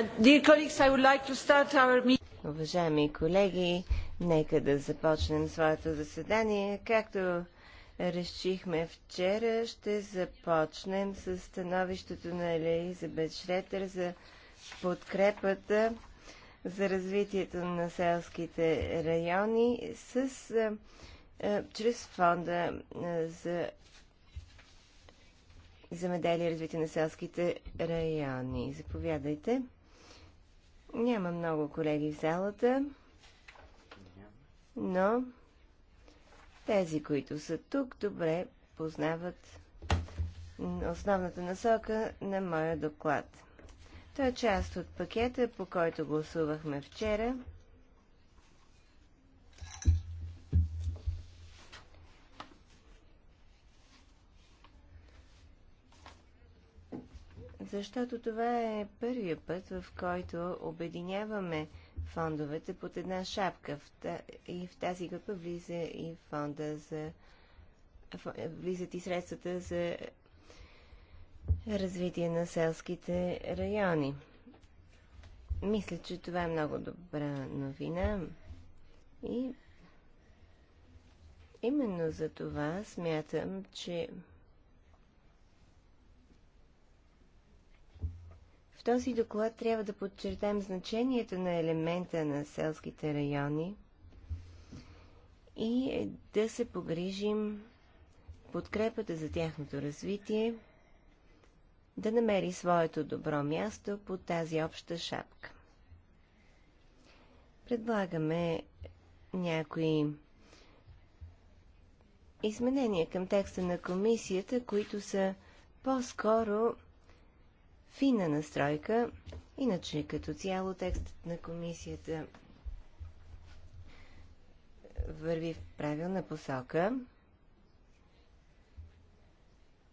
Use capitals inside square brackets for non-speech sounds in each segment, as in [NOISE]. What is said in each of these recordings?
Uh, Уважаеми колеги, нека да започнем своето заседание. Както решихме вчера, ще започнем с становището на Елизабет Шретер за подкрепата за развитието на селските райони с, чрез фонда за земеделие и развитие на селските райони. Заповядайте. Няма много колеги в залата, но тези, които са тук, добре познават основната насока на моя доклад. Той е част от пакета, по който гласувахме вчера – защото това е първият път, в който обединяваме фондовете под една шапка. И в тази група влиза и фонда за... влизат и средствата за развитие на селските райони. Мисля, че това е много добра новина и именно за това смятам, че В този доклад трябва да подчертаем значението на елемента на селските райони и е да се погрижим подкрепата за тяхното развитие да намери своето добро място по тази обща шапка. Предлагаме някои изменения към текста на комисията, които са по-скоро финна настройка. Иначе като цяло текстът на комисията върви в правилна посока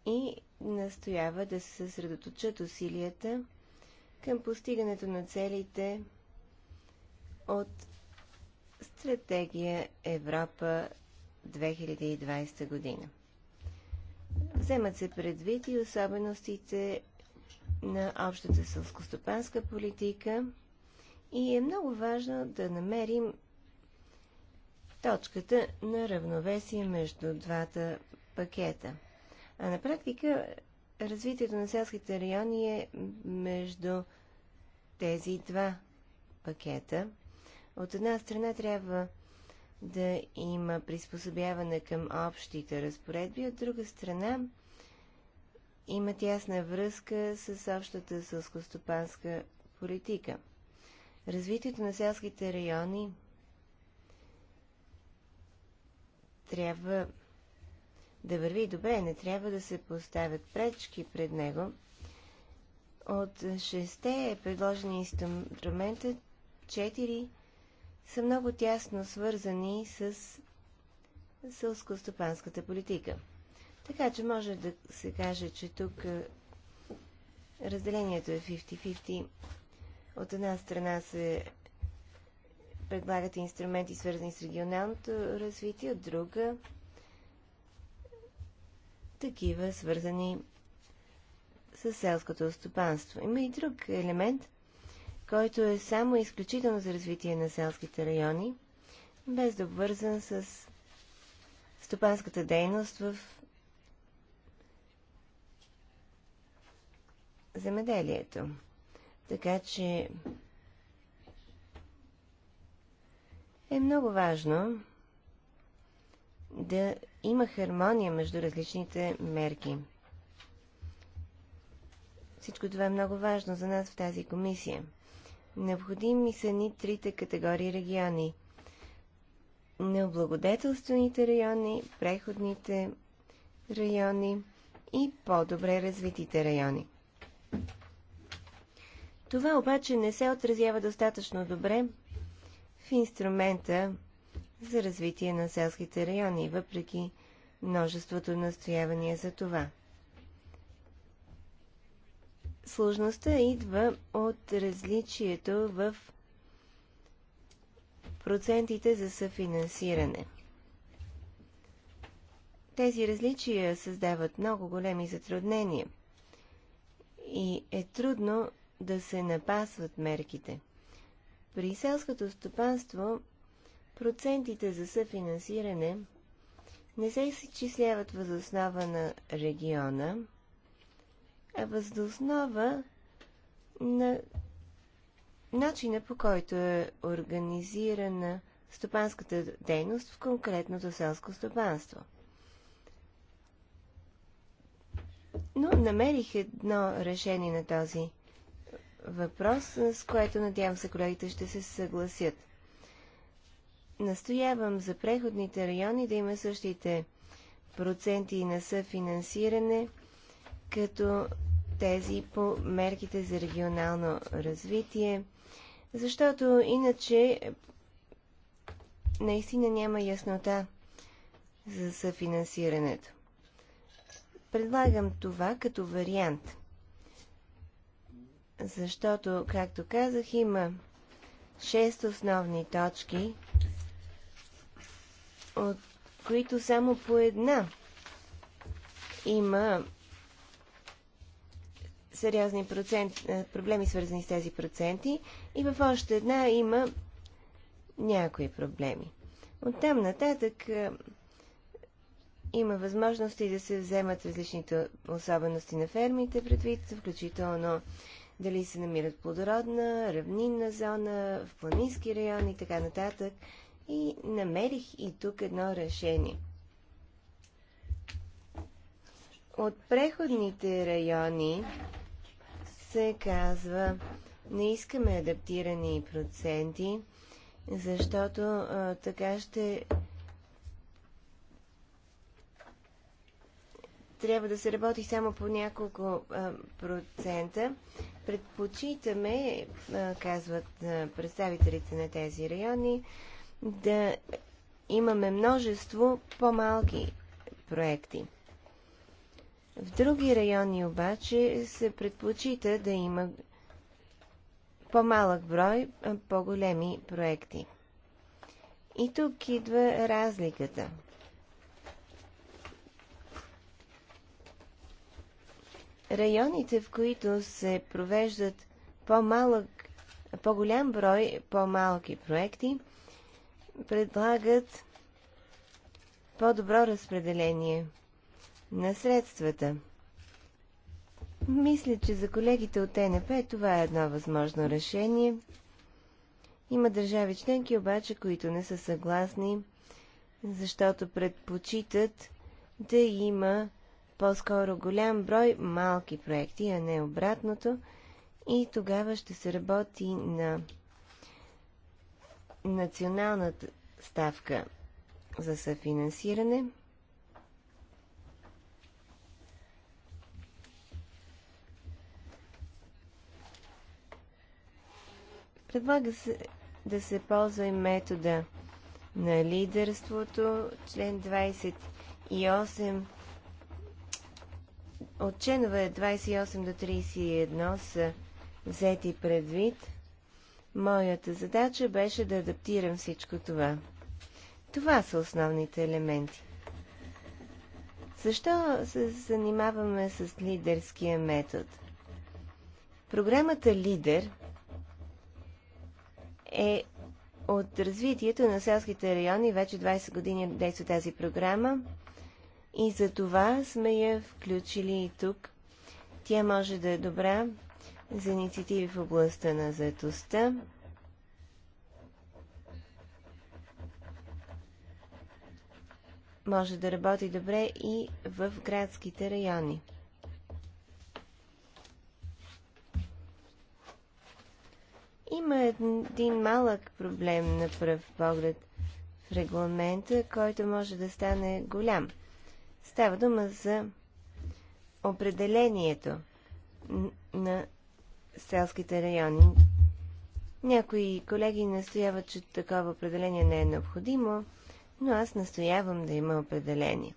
и настоява да се съсредоточат усилията към постигането на целите от стратегия Европа 2020 година. Вземат се предвид и особеностите на общата сълскостопанска политика и е много важно да намерим точката на равновесие между двата пакета. А на практика развитието на селските райони е между тези два пакета. От една страна трябва да има приспособяване към общите разпоредби, от друга страна има тясна връзка с общата сълскостопанска политика. Развитието на селските райони трябва да върви добре, не трябва да се поставят пречки пред него. От шесте е предложени инструмента, четири са много тясно свързани с сълскостопанската политика. Така че може да се каже, че тук е, разделението е 50-50. От една страна се предлагат инструменти, свързани с регионалното развитие, от друга такива, свързани с селското стопанство. Има и друг елемент, който е само изключително за развитие на селските райони, без да обвързан с стопанската дейност в земеделието. Така че е много важно да има хармония между различните мерки. Всичко това е много важно за нас в тази комисия. Необходими са ни трите категории региони. Необлагодетелствените райони, преходните райони и по-добре развитите райони. Това обаче не се отразява достатъчно добре в инструмента за развитие на селските райони, въпреки множеството настоявания за това. Сложността идва от различието в процентите за съфинансиране. Тези различия създават много големи затруднения и е трудно да се напасват мерките. При селското стопанство процентите за съфинансиране не се изчисляват възоснова на региона, а възоснова на начина по който е организирана стопанската дейност в конкретното селско стопанство. Но намерих едно решение на този въпрос, с което надявам се колегите ще се съгласят. Настоявам за преходните райони да има същите проценти на съфинансиране, като тези по мерките за регионално развитие, защото иначе наистина няма яснота за съфинансирането. Предлагам това като вариант – защото, както казах, има шест основни точки, от които само по една има сериозни процент, е, проблеми, свързани с тези проценти, и в още една има някои проблеми. От там нататък е, има възможности да се вземат различните особености на фермите предвид, включително дали се намират плодородна, равнинна зона, в планински район и така нататък. И намерих и тук едно решение. От преходните райони се казва, не искаме адаптирани проценти, защото а, така ще трябва да се работи само по няколко а, процента. Предпочитаме, а, казват а, представителите на тези райони, да имаме множество по-малки проекти. В други райони обаче се предпочита да има по-малък брой, по-големи проекти. И тук идва разликата – районите, в които се провеждат по-малък, по-голям брой по-малки проекти, предлагат по-добро разпределение на средствата. Мисля, че за колегите от ТНП това е едно възможно решение. Има държави членки обаче, които не са съгласни, защото предпочитат да има по-скоро голям брой малки проекти, а не обратното. И тогава ще се работи на националната ставка за съфинансиране. Предлага се да се ползва и метода на лидерството, член 28 от членове 28 до 31 са взети предвид. Моята задача беше да адаптирам всичко това. Това са основните елементи. Защо се занимаваме с лидерския метод? Програмата Лидер е от развитието на селските райони. Вече 20 години действа тази програма и за това сме я включили и тук. Тя може да е добра за инициативи в областта на заетостта. Може да работи добре и в градските райони. Има един малък проблем на пръв поглед в регламента, който може да стане голям – Става дума за определението на селските райони. Някои колеги настояват, че такова определение не е необходимо, но аз настоявам да има определение.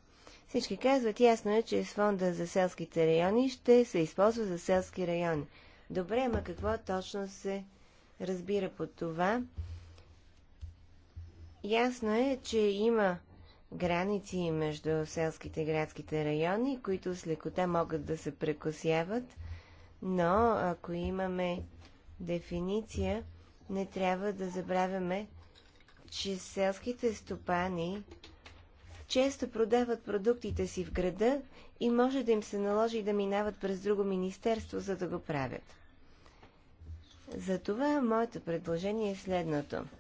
Всички казват, ясно е, че фонда за селските райони ще се използва за селски райони. Добре, ма какво точно се разбира по това? Ясно е, че има граници между селските и градските райони, които с лекота могат да се прекосяват, но ако имаме дефиниция, не трябва да забравяме, че селските стопани често продават продуктите си в града и може да им се наложи да минават през друго министерство, за да го правят. Затова моето предложение е следното –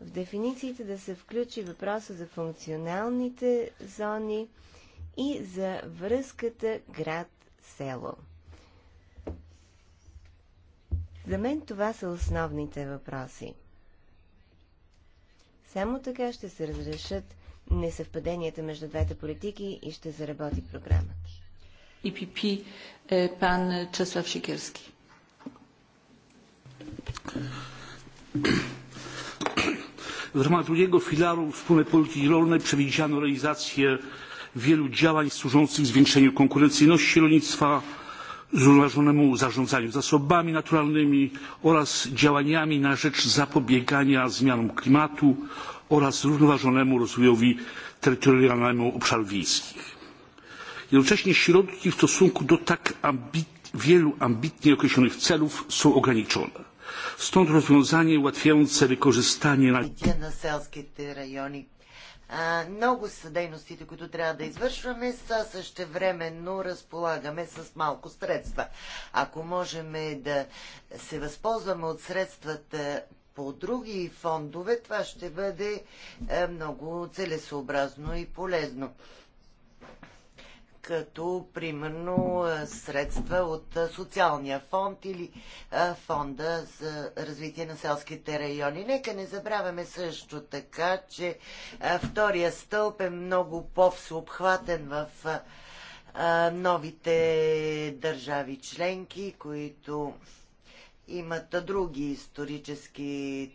в дефинициите да се включи въпроса за функционалните зони и за връзката град-село. За мен това са основните въпроси. Само така ще се разрешат несъвпаденията между двете политики и ще заработи програмата. ИПП е пан Чеслав Шикерски. W ramach drugiego filaru wspólnej polityki rolnej przewidziano realizację wielu działań służących zwiększeniu konkurencyjności rolnictwa, zrównoważonemu zarządzaniu zasobami naturalnymi oraz działaniami na rzecz zapobiegania zmianom klimatu oraz zrównoważonemu rozwojowi terytorialnemu obszarów wiejskich. Jednocześnie środki w stosunku do tak wielu ambitnie określonych celów są ograniczone Stąd rozwiązanie ułatwiające wykorzystanie на... на селските райони. А, много са дейностите, които трябва да извършваме, са също временно разполагаме с малко средства. Ако можем да се възползваме от средствата по други фондове, това ще бъде е, много целесообразно и полезно като примерно средства от социалния фонд или фонда за развитие на селските райони. Нека не забравяме също така, че втория стълб е много по-всеобхватен в новите държави членки, които имат други исторически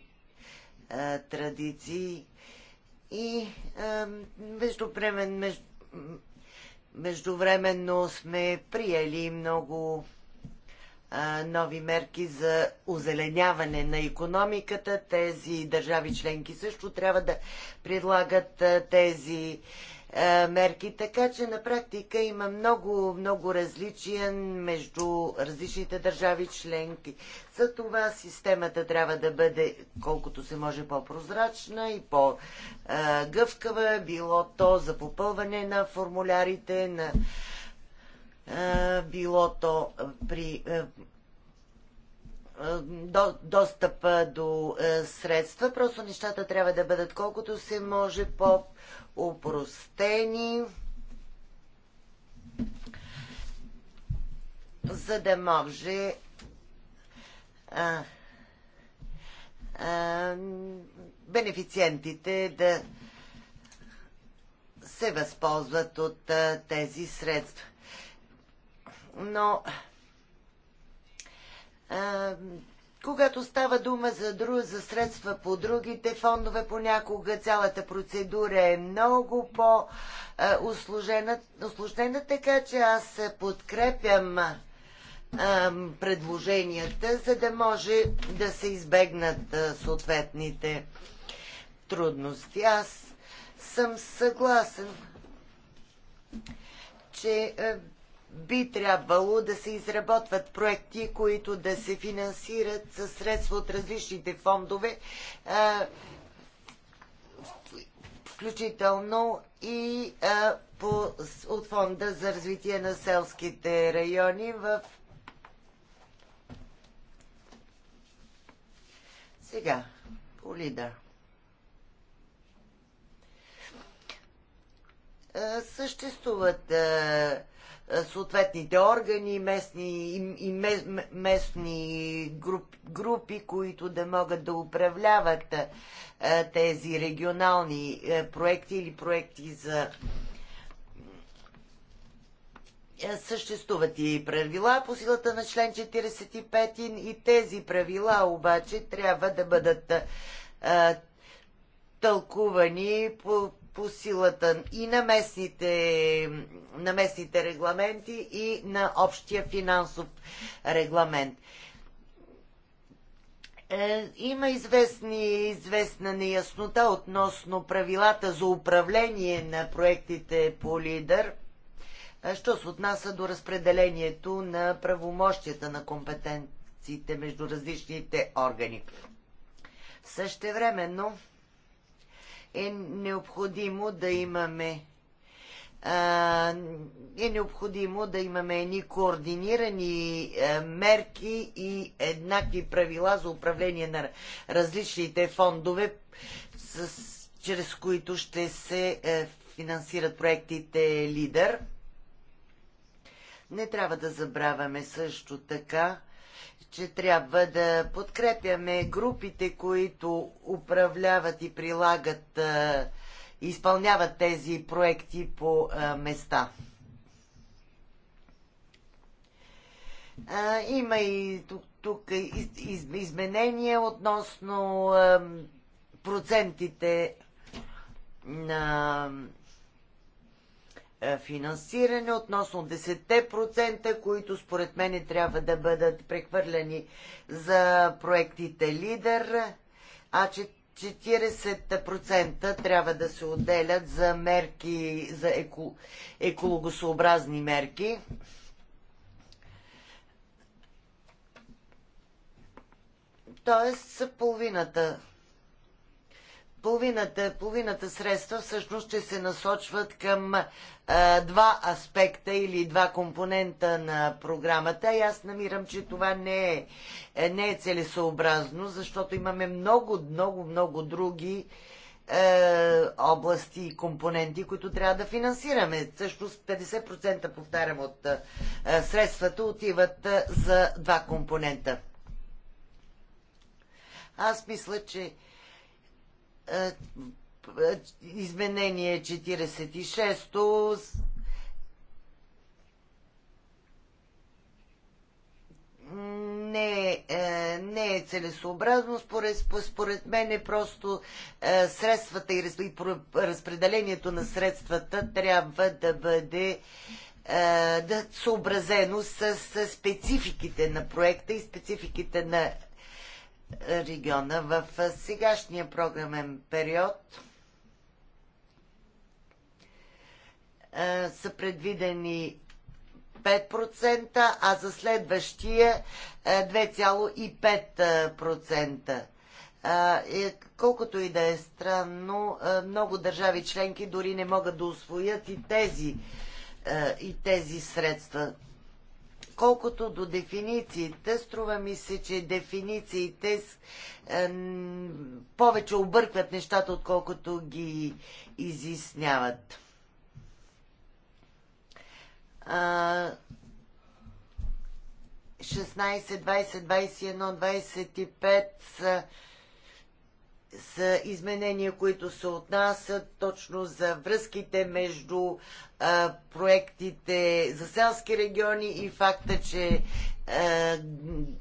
традиции и между, между Междувременно сме приели много нови мерки за озеленяване на економиката. Тези държави членки също трябва да предлагат тези е, мерки, така че на практика има много, много различия между различните държави членки. За това системата трябва да бъде колкото се може по-прозрачна и по-гъвкава, било то за попълване на формулярите, на е, било то при е, до, достъпа до средства. Просто нещата трябва да бъдат колкото се може по упростени, за да може а, а, бенефициентите да се възползват от а, тези средства. Но а, когато става дума за, друг, за средства по другите фондове, понякога цялата процедура е много по-осложнена, е, така че аз подкрепям предложенията, за да може да се избегнат съответните трудности. Аз съм съгласен, че е, би трябвало да се изработват проекти, които да се финансират със средства от различните фондове, включително и по, от фонда за развитие на селските райони в сега по Съществуват а, е, съответните органи местни, и местни групи, групи, които да могат да управляват е, тези регионални е, проекти или проекти за съществуват и правила по силата на член 45 и тези правила обаче трябва да бъдат а, тълкувани по, по силата и на местните, на местните регламенти и на общия финансов регламент. Е, има известни, известна неяснота относно правилата за управление на проектите по лидер, е, що се отнася до разпределението на правомощията на компетенциите между различните органи. Същевременно, времено е необходимо да имаме е необходимо да имаме едни координирани мерки и еднакви правила за управление на различните фондове, с, чрез които ще се е, финансират проектите Лидер. Не трябва да забравяме също така, че трябва да подкрепяме групите, които управляват и прилагат, изпълняват тези проекти по места. Има и тук, тук изменения относно процентите на е, финансиране, относно 10%, които според мен трябва да бъдат прехвърляни за проектите лидер, а 40% трябва да се отделят за мерки, за еко, екологосообразни мерки. Тоест половината половината, половината средства всъщност ще се насочват към а, два аспекта или два компонента на програмата. И аз намирам, че това не е, е не е целесообразно, защото имаме много, много, много други а, е, области и компоненти, които трябва да финансираме. Също 50% повтарям от а, е, средствата отиват а, за два компонента. Аз мисля, че е, е, изменение 46-то не, е, не е целесообразно. Според, според мен е просто е, средствата и, и разпределението на средствата трябва да бъде е, да съобразено с, с спецификите на проекта и спецификите на региона. В сегашния програмен период са предвидени 5%, а за следващия 2,5%. Е, колкото и да е странно, много държави членки дори не могат да освоят и тези, и тези средства. Колкото до дефинициите, струва ми се, че дефинициите е, повече объркват нещата, отколкото ги изясняват. А, 16, 20, 21, 25 са са изменения, които се отнасят точно за връзките между а, проектите за селски региони и факта, че а,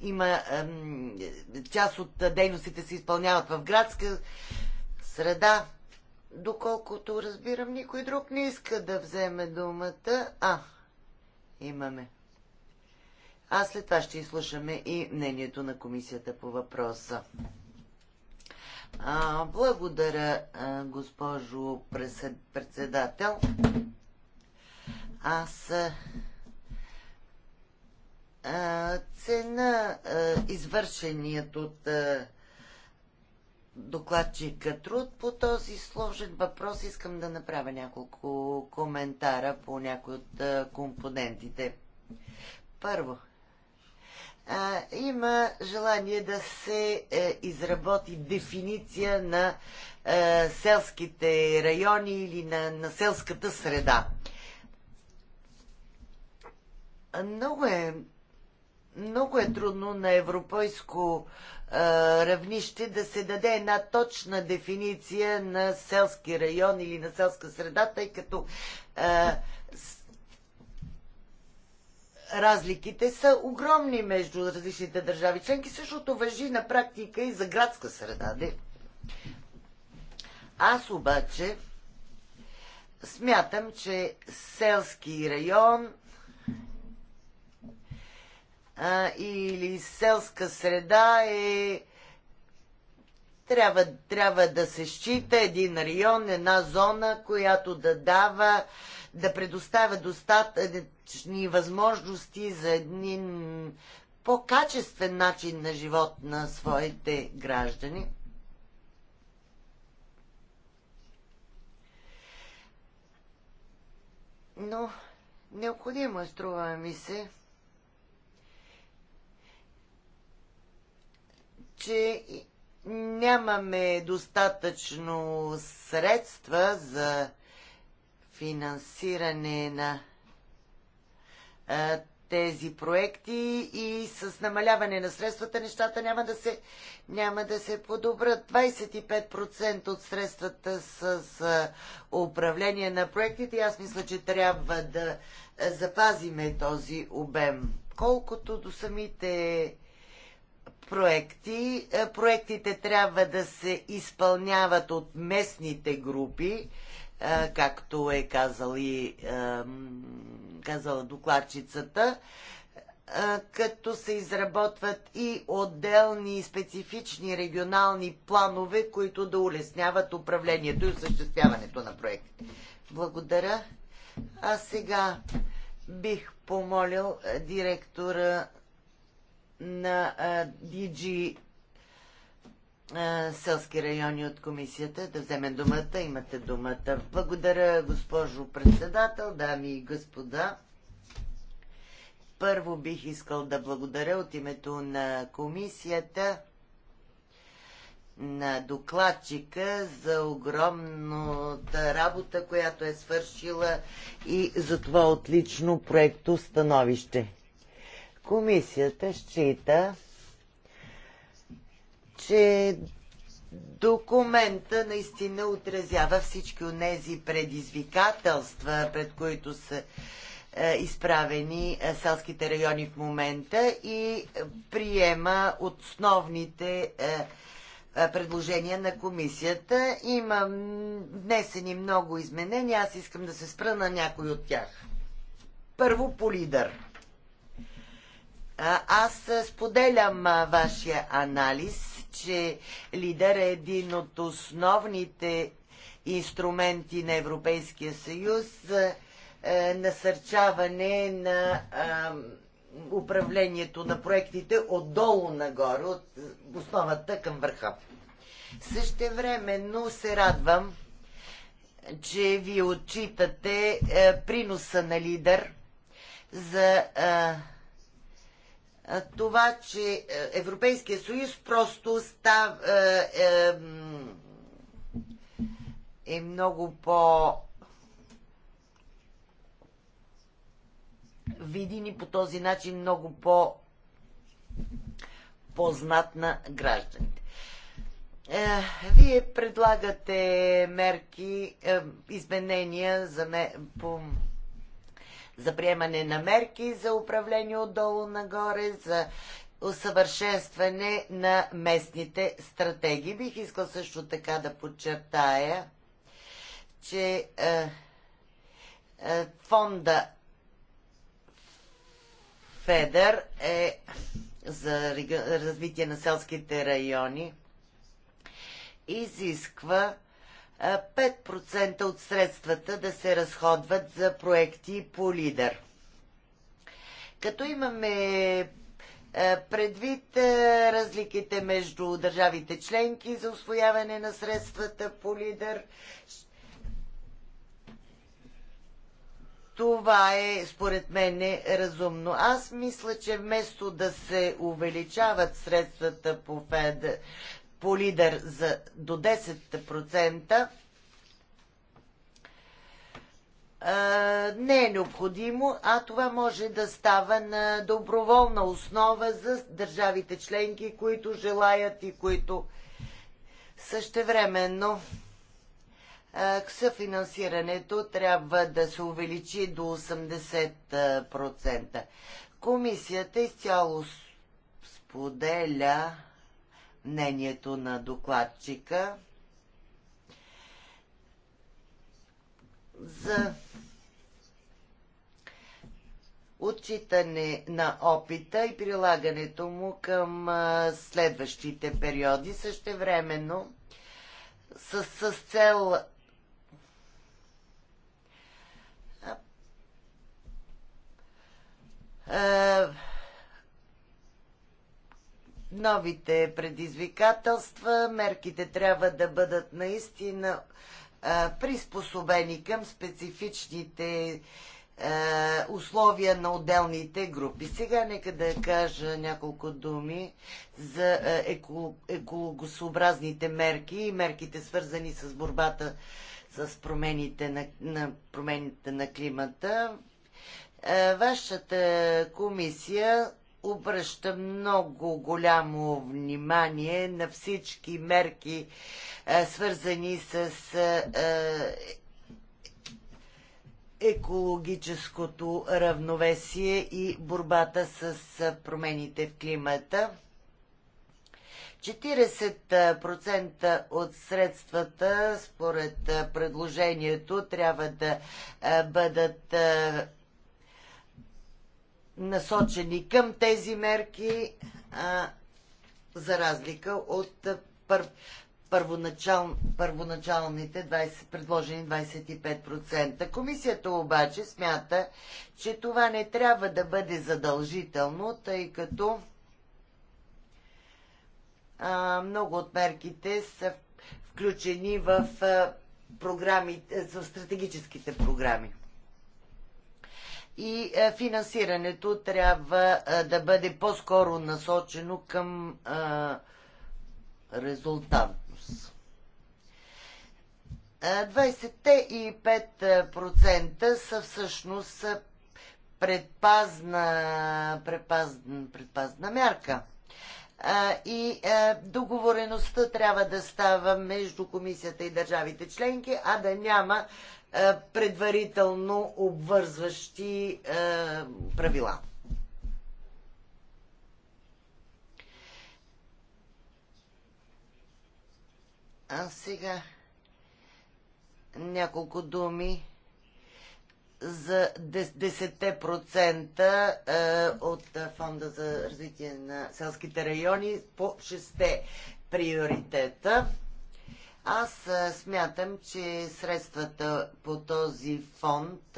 има а, част от дейностите се изпълняват в градска среда. Доколкото разбирам, никой друг не иска да вземе думата. А, имаме. А след това ще изслушаме и мнението на комисията по въпроса. А, благодаря, госпожо председател. Аз а, цена а, извършеният от а, докладчика труд по този сложен въпрос. Искам да направя няколко коментара по някои от а, компонентите. Първо, а, има желание да се е, изработи дефиниция на е, селските райони или на, на селската среда. Много е, много е трудно на европейско е, равнище да се даде една точна дефиниция на селски район или на селска среда, тъй като е, разликите са огромни между различните държави членки. Същото въжи на практика и за градска среда. Не? Аз обаче смятам, че селски район а, или селска среда е трябва, трябва да се счита един район, една зона, която да дава да предоставя достатъчни възможности за един по-качествен начин на живот на своите граждани. Но необходимо е, струва ми се, че нямаме достатъчно средства за финансиране на а, тези проекти и с намаляване на средствата нещата няма да се, няма да се подобрат. 25% от средствата с, с управление на проектите. Аз мисля, че трябва да запазиме този обем. Колкото до самите проекти, проектите трябва да се изпълняват от местните групи както е казал и, казала докладчицата, като се изработват и отделни специфични регионални планове, които да улесняват управлението и осъществяването на проекти. Благодаря. А сега бих помолил директора на DG селски райони от комисията да вземе думата. Имате думата. Благодаря, госпожо председател, дами и господа. Първо бих искал да благодаря от името на комисията на докладчика за огромната работа, която е свършила и за това отлично проекто становище. Комисията счита, че документа наистина отразява всички от тези предизвикателства, пред които са е, изправени е, селските райони в момента и приема основните е, предложения на комисията. Има внесени много изменения. Аз искам да се спра на някой от тях. Първо по лидър. Аз споделям вашия анализ че лидер е един от основните инструменти на Европейския съюз за е, насърчаване на е, управлението на проектите отдолу нагоре, от основата към върха. Същевременно се радвам, че ви отчитате е, приноса на лидер за това, че е, Европейския съюз просто став, е, е, е много по видим и по този начин много по познат на гражданите. Е, вие предлагате мерки, е, изменения за не, по за приемане на мерки за управление отдолу нагоре, за усъвършенстване на местните стратегии. Бих искал също така да подчертая, че е, е, фонда ФЕДЕР е за развитие на селските райони изисква 5% от средствата да се разходват за проекти по лидер. Като имаме предвид разликите между държавите членки за освояване на средствата по лидер, това е, според мен, е разумно. Аз мисля, че вместо да се увеличават средствата по ФЕД по лидер за до 10%, не е необходимо, а това може да става на доброволна основа за държавите членки, които желаят и които същевременно съфинансирането трябва да се увеличи до 80%. Комисията изцяло споделя мнението на докладчика за отчитане на опита и прилагането му към следващите периоди. Същевременно с, с цел а, а, новите предизвикателства. Мерките трябва да бъдат наистина приспособени към специфичните условия на отделните групи. Сега нека да кажа няколко думи за екологосообразните мерки и мерките свързани с борбата с промените на, на, промените на климата. Вашата комисия обръща много голямо внимание на всички мерки, свързани с екологическото равновесие и борбата с промените в климата. 40% от средствата, според предложението, трябва да бъдат насочени към тези мерки, а, за разлика от пър, първоначал, първоначалните 20, предложени 25%. Комисията обаче смята, че това не трябва да бъде задължително, тъй като а, много от мерките са включени в, а, програмите, в стратегическите програми и е, финансирането трябва е, да бъде по-скоро насочено към е, резултатност. 25% са всъщност предпазна, предпазна, предпазна мярка. и договореността трябва да става между комисията и държавите членки, а да няма е, предварително обвързващи е, правила. А сега няколко думи за 10% е, от Фонда за развитие на селските райони по 6 приоритета. Аз смятам, че средствата по този фонд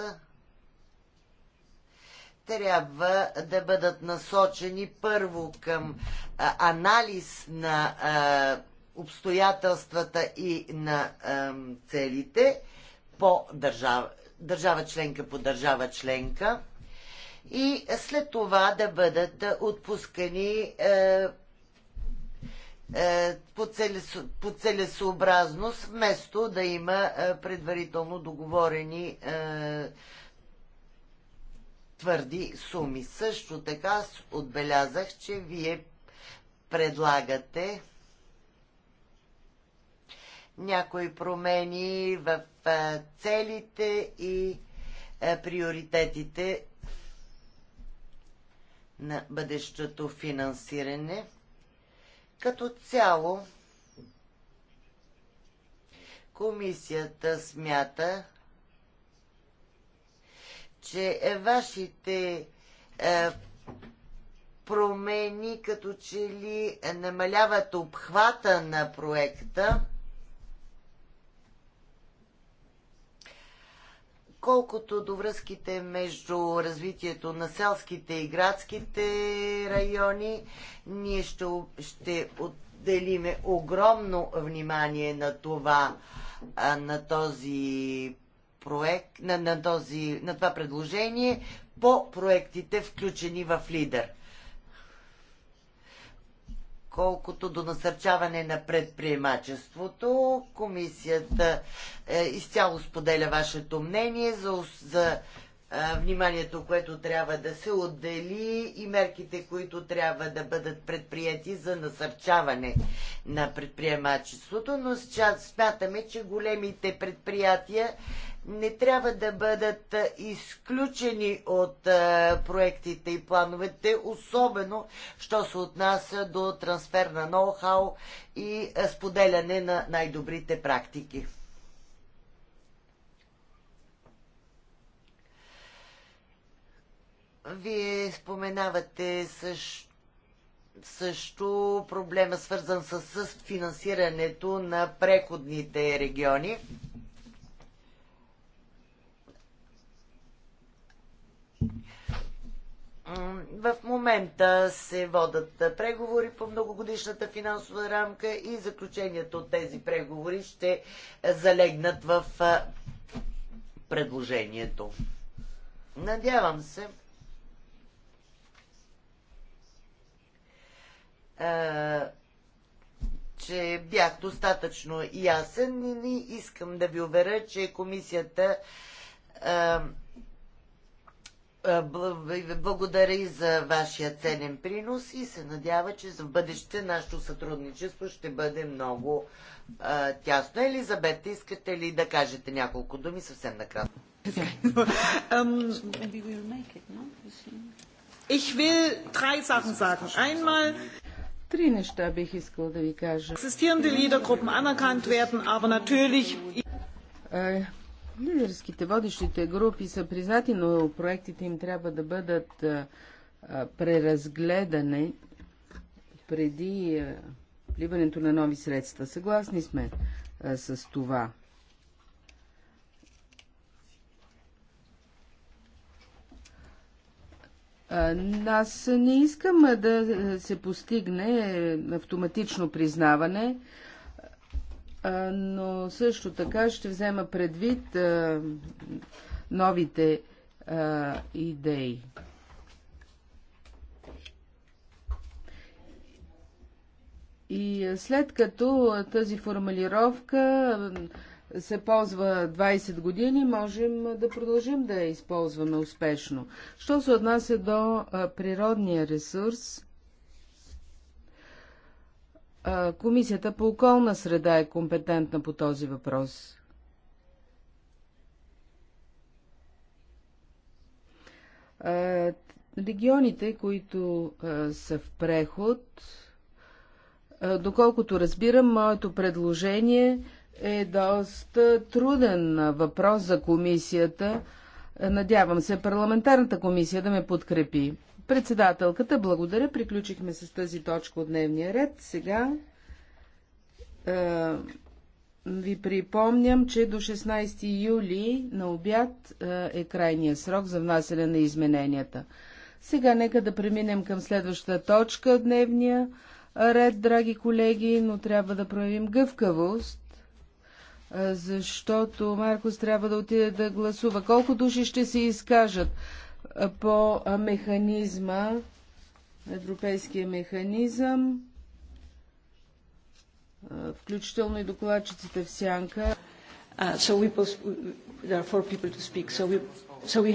трябва да бъдат насочени първо към анализ на обстоятелствата и на целите по държава, държава членка по държава членка и след това да бъдат отпускани е, по, по целесообразност, вместо да има е, предварително договорени е, твърди суми. Също така отбелязах, че вие предлагате някои промени в целите и приоритетите на бъдещото финансиране. Като цяло, комисията смята, че вашите е, промени като че ли намаляват обхвата на проекта Колкото до връзките между развитието на селските и градските райони, ние ще, ще отделиме огромно внимание на това, на този проект, на, на, този, на това предложение по проектите, включени в Лидер. Колкото до насърчаване на предприемачеството, комисията е, изцяло споделя вашето мнение за, за е, вниманието, което трябва да се отдели и мерките, които трябва да бъдат предприяти за насърчаване на предприемачеството, но смятаме, че големите предприятия не трябва да бъдат изключени от проектите и плановете, особено, що се отнася до трансфер на ноу-хау и споделяне на най-добрите практики. Вие споменавате също също проблема свързан с, с финансирането на преходните региони. В момента се водат преговори по многогодишната финансова рамка и заключението от тези преговори ще залегнат в предложението. Надявам се. че бях достатъчно ясен и искам да ви уверя, че комисията е, благодаря и за вашия ценен принос и се надява, че за в бъдеще нашето сътрудничество ще бъде много а, е, тясно. Елизабет, искате ли да кажете няколко думи съвсем накратко? [LAUGHS] Ich will drei Sachen sagen. Einmal Три неща бих искал да ви кажа. Existierende Liedergruppen anerkannt werden, aber natürlich е, Лидерските водещите групи са признати, но проектите им трябва да бъдат преразгледани преди вливането на нови средства. Съгласни сме с това. Аз не искам да се постигне е, автоматично признаване, но също така ще взема предвид новите идеи. И след като тази формулировка се ползва 20 години, можем да продължим да я използваме успешно. Що се отнася до природния ресурс, Комисията по околна среда е компетентна по този въпрос. Регионите, които са в преход, доколкото разбирам, моето предложение е доста труден въпрос за комисията. Надявам се парламентарната комисия да ме подкрепи. Председателката, благодаря. Приключихме с тази точка от дневния ред. Сега е, ви припомням, че до 16 юли на обяд е, е крайния срок за внасяне на измененията. Сега нека да преминем към следващата точка от дневния ред, драги колеги, но трябва да проявим гъвкавост, е, защото Маркос трябва да отиде да гласува. Колко души ще се изкажат? по механизма, европейския механизъм, включително и докладчиците в сянка. Четири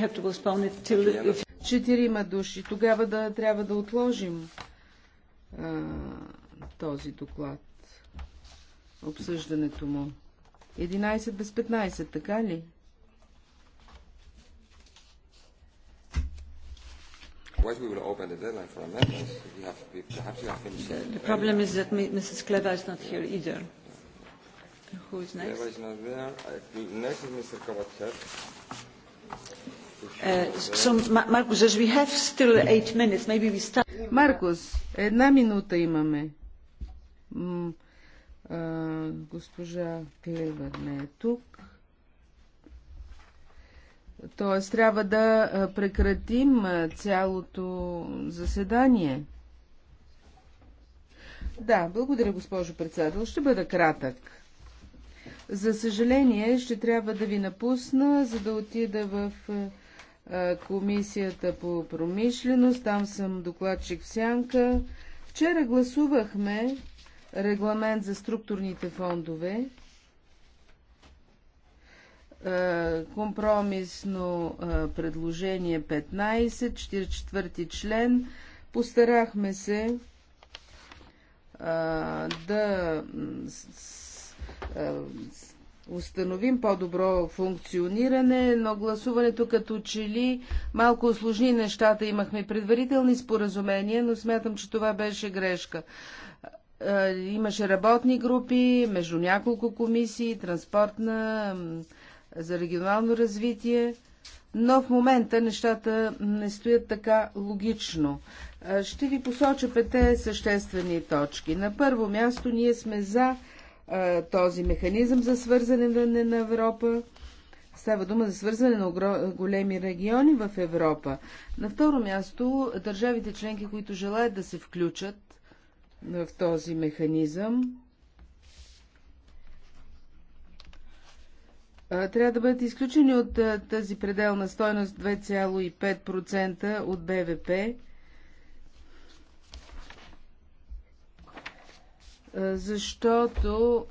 uh, so Четирима души. Тогава да, трябва да отложим а, този доклад, обсъждането му. 11 без 15, така ли? Otherwise, we will open the deadline for amendments. You have, perhaps you have finished. Uh, the problem is that Mrs. Kleva is not here either. Who is next? Kleva is not there. Uh, next is Mr. Kovacev. so, Markus, as we have still eight minutes, maybe we start. Markus, една минута имаме. госпожа Клева не е тук. Т.е. трябва да прекратим цялото заседание. Да, благодаря, госпожо председател. Ще бъда кратък. За съжаление, ще трябва да ви напусна, за да отида в Комисията по промишленост. Там съм докладчик в Сянка. Вчера гласувахме регламент за структурните фондове е, компромисно е, предложение 15, 44 член. Постарахме се е, да установим по-добро функциониране, но гласуването като че ли малко осложни нещата. Имахме предварителни споразумения, но смятам, че това беше грешка. Имаше работни групи между няколко комисии, транспортна, за регионално развитие, но в момента нещата не стоят така логично. Ще ви посоча пете съществени точки. На първо място ние сме за а, този механизъм за свързане на Европа. Става дума за свързване на големи региони в Европа. На второ място, държавите членки, които желаят да се включат в този механизъм, трябва да бъдат изключени от тази пределна стойност 2,5% от БВП, защото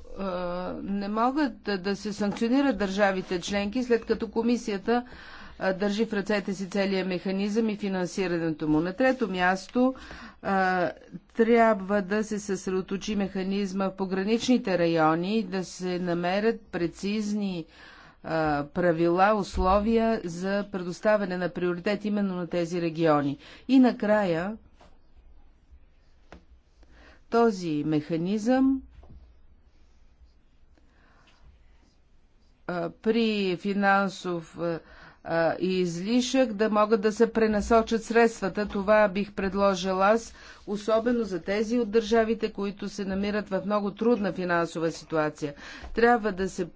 не могат да се санкционират държавите членки, след като комисията държи в ръцете си целият механизъм и финансирането му. На трето място трябва да се съсредоточи механизма в пограничните райони, да се намерят прецизни правила, условия за предоставяне на приоритет именно на тези региони. И накрая този механизъм при финансов и излишък, да могат да се пренасочат средствата. Това бих предложил аз, особено за тези от държавите, които се намират в много трудна финансова ситуация. Трябва да се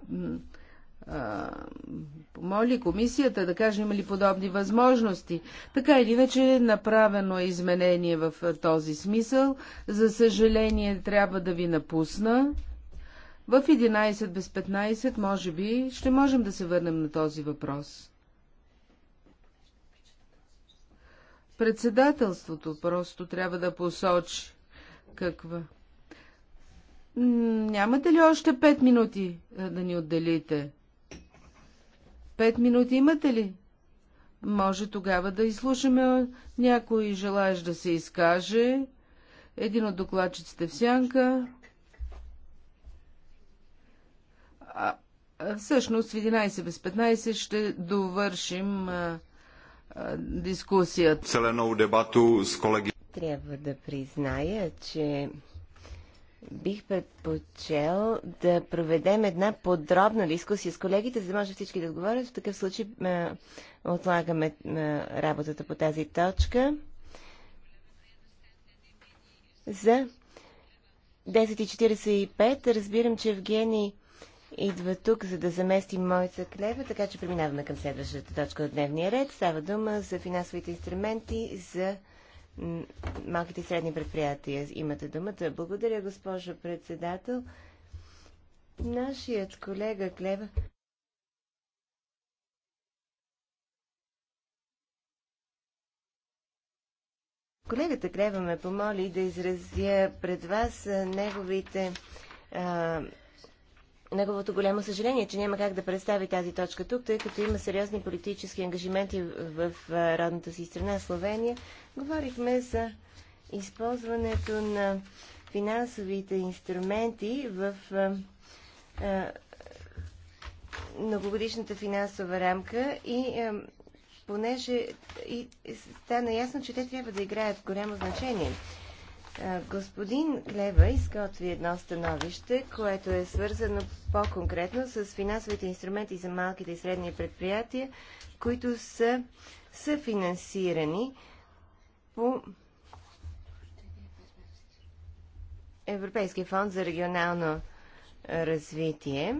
помоли комисията да каже има ли подобни възможности. Така или иначе е направено изменение в този смисъл. За съжаление трябва да ви напусна. В 11 без 15 може би ще можем да се върнем на този въпрос. Председателството просто трябва да посочи каква. Нямате ли още пет минути е, да ни отделите? Пет минути имате ли? Може тогава да изслушаме някой желаеш да се изкаже. Един от докладчиците в сянка. А, всъщност в 11 без 15 ще довършим а, дискусията. дебату с колеги. Трябва да призная, че бих предпочел да проведем една подробна дискусия с колегите, за да може всички да отговорят. В такъв случай отлагаме работата по тази точка за 10.45. Разбирам, че Евгений идва тук, за да замести моята клева, така че преминаваме към следващата точка от дневния ред. Става дума за финансовите инструменти за малките и средни предприятия. Имате думата. Благодаря, госпожо председател. Нашият колега Клева. Колегата Клева ме помоли да изразя пред вас неговите а, неговото голямо съжаление, че няма как да представи тази точка тук, тъй като има сериозни политически ангажименти в, родната си страна Словения. Говорихме за използването на финансовите инструменти в а, многогодишната финансова рамка и а, понеже и, стана ясно, че те трябва да играят голямо значение. Господин Клева изготви едно становище, което е свързано по-конкретно с финансовите инструменти за малките и средни предприятия, които са, са финансирани по Европейския фонд за регионално развитие.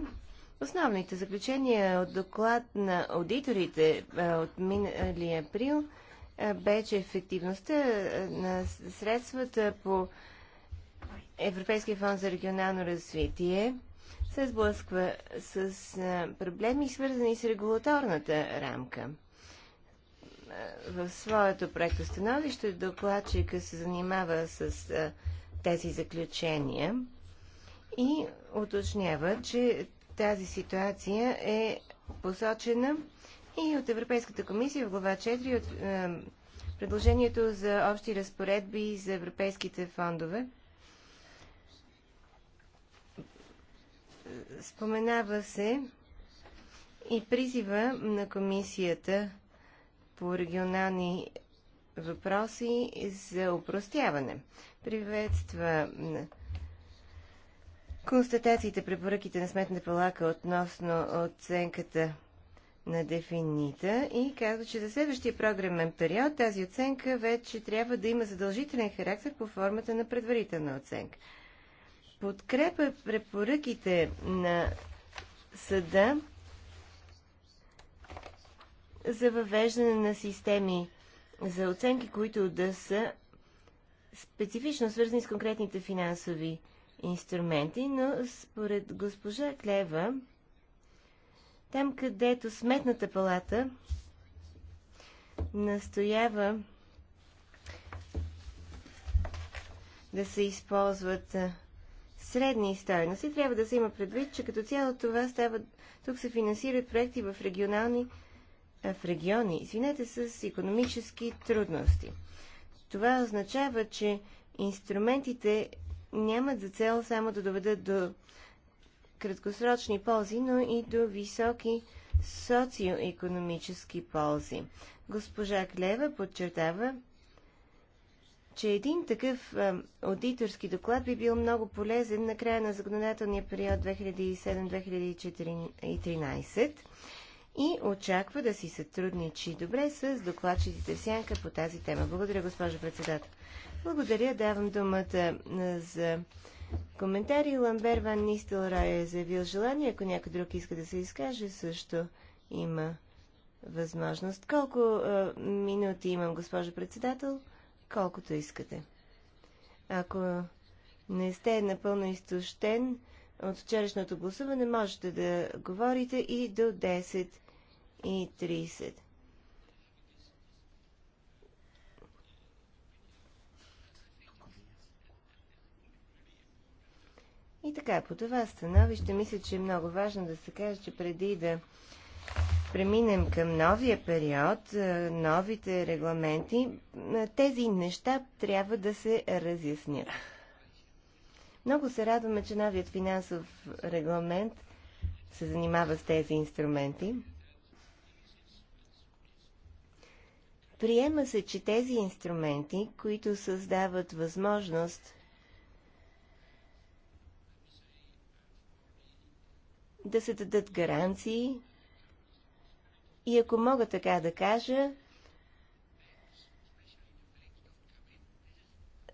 Основните заключения от доклад на аудиторите от миналия април – бе, че ефективността на средствата по Европейския фонд за регионално развитие се сблъсква с проблеми, свързани с регулаторната рамка. В своето проекто становище докладчика се занимава с тези заключения и уточнява, че тази ситуация е посочена и от Европейската комисия в глава 4 от е, предложението за общи разпоредби за европейските фондове. Споменава се и призива на комисията по регионални въпроси за упростяване. Приветства констатациите, препоръките на Сметната палака относно оценката на дефинита и казва, че за следващия програмен период тази оценка вече трябва да има задължителен характер по формата на предварителна оценка. Подкрепа препоръките на съда за въвеждане на системи за оценки, които да са специфично свързани с конкретните финансови инструменти, но според госпожа Клева там, където Сметната палата настоява да се използват средни стойности, трябва да се има предвид, че като цяло това става... Тук се финансират проекти в регионални в региони, извинете, с економически трудности. Това означава, че инструментите нямат за цел само да доведат до краткосрочни ползи, но и до високи социо-економически ползи. Госпожа Клева подчертава, че един такъв аудиторски доклад би бил много полезен на края на законодателния период 2007-2013 и очаква да си сътрудничи добре с докладчиците в сянка по тази тема. Благодаря, госпожо председател. Благодаря. Давам думата за коментари. Ламбер Ван Рай е заявил желание. Ако някой друг иска да се изкаже, също има възможност. Колко а, минути имам, госпожо председател? Колкото искате. Ако не сте напълно изтощен от вчерашното гласуване, можете да говорите и до 10 и 30. И така, по това становище мисля, че е много важно да се каже, че преди да преминем към новия период, е, новите регламенти, е, тези неща трябва да се разяснят. Много се радваме, че новият финансов регламент се занимава с тези инструменти. Приема се, че тези инструменти, които създават възможност да се дадат гаранции и ако мога така да кажа,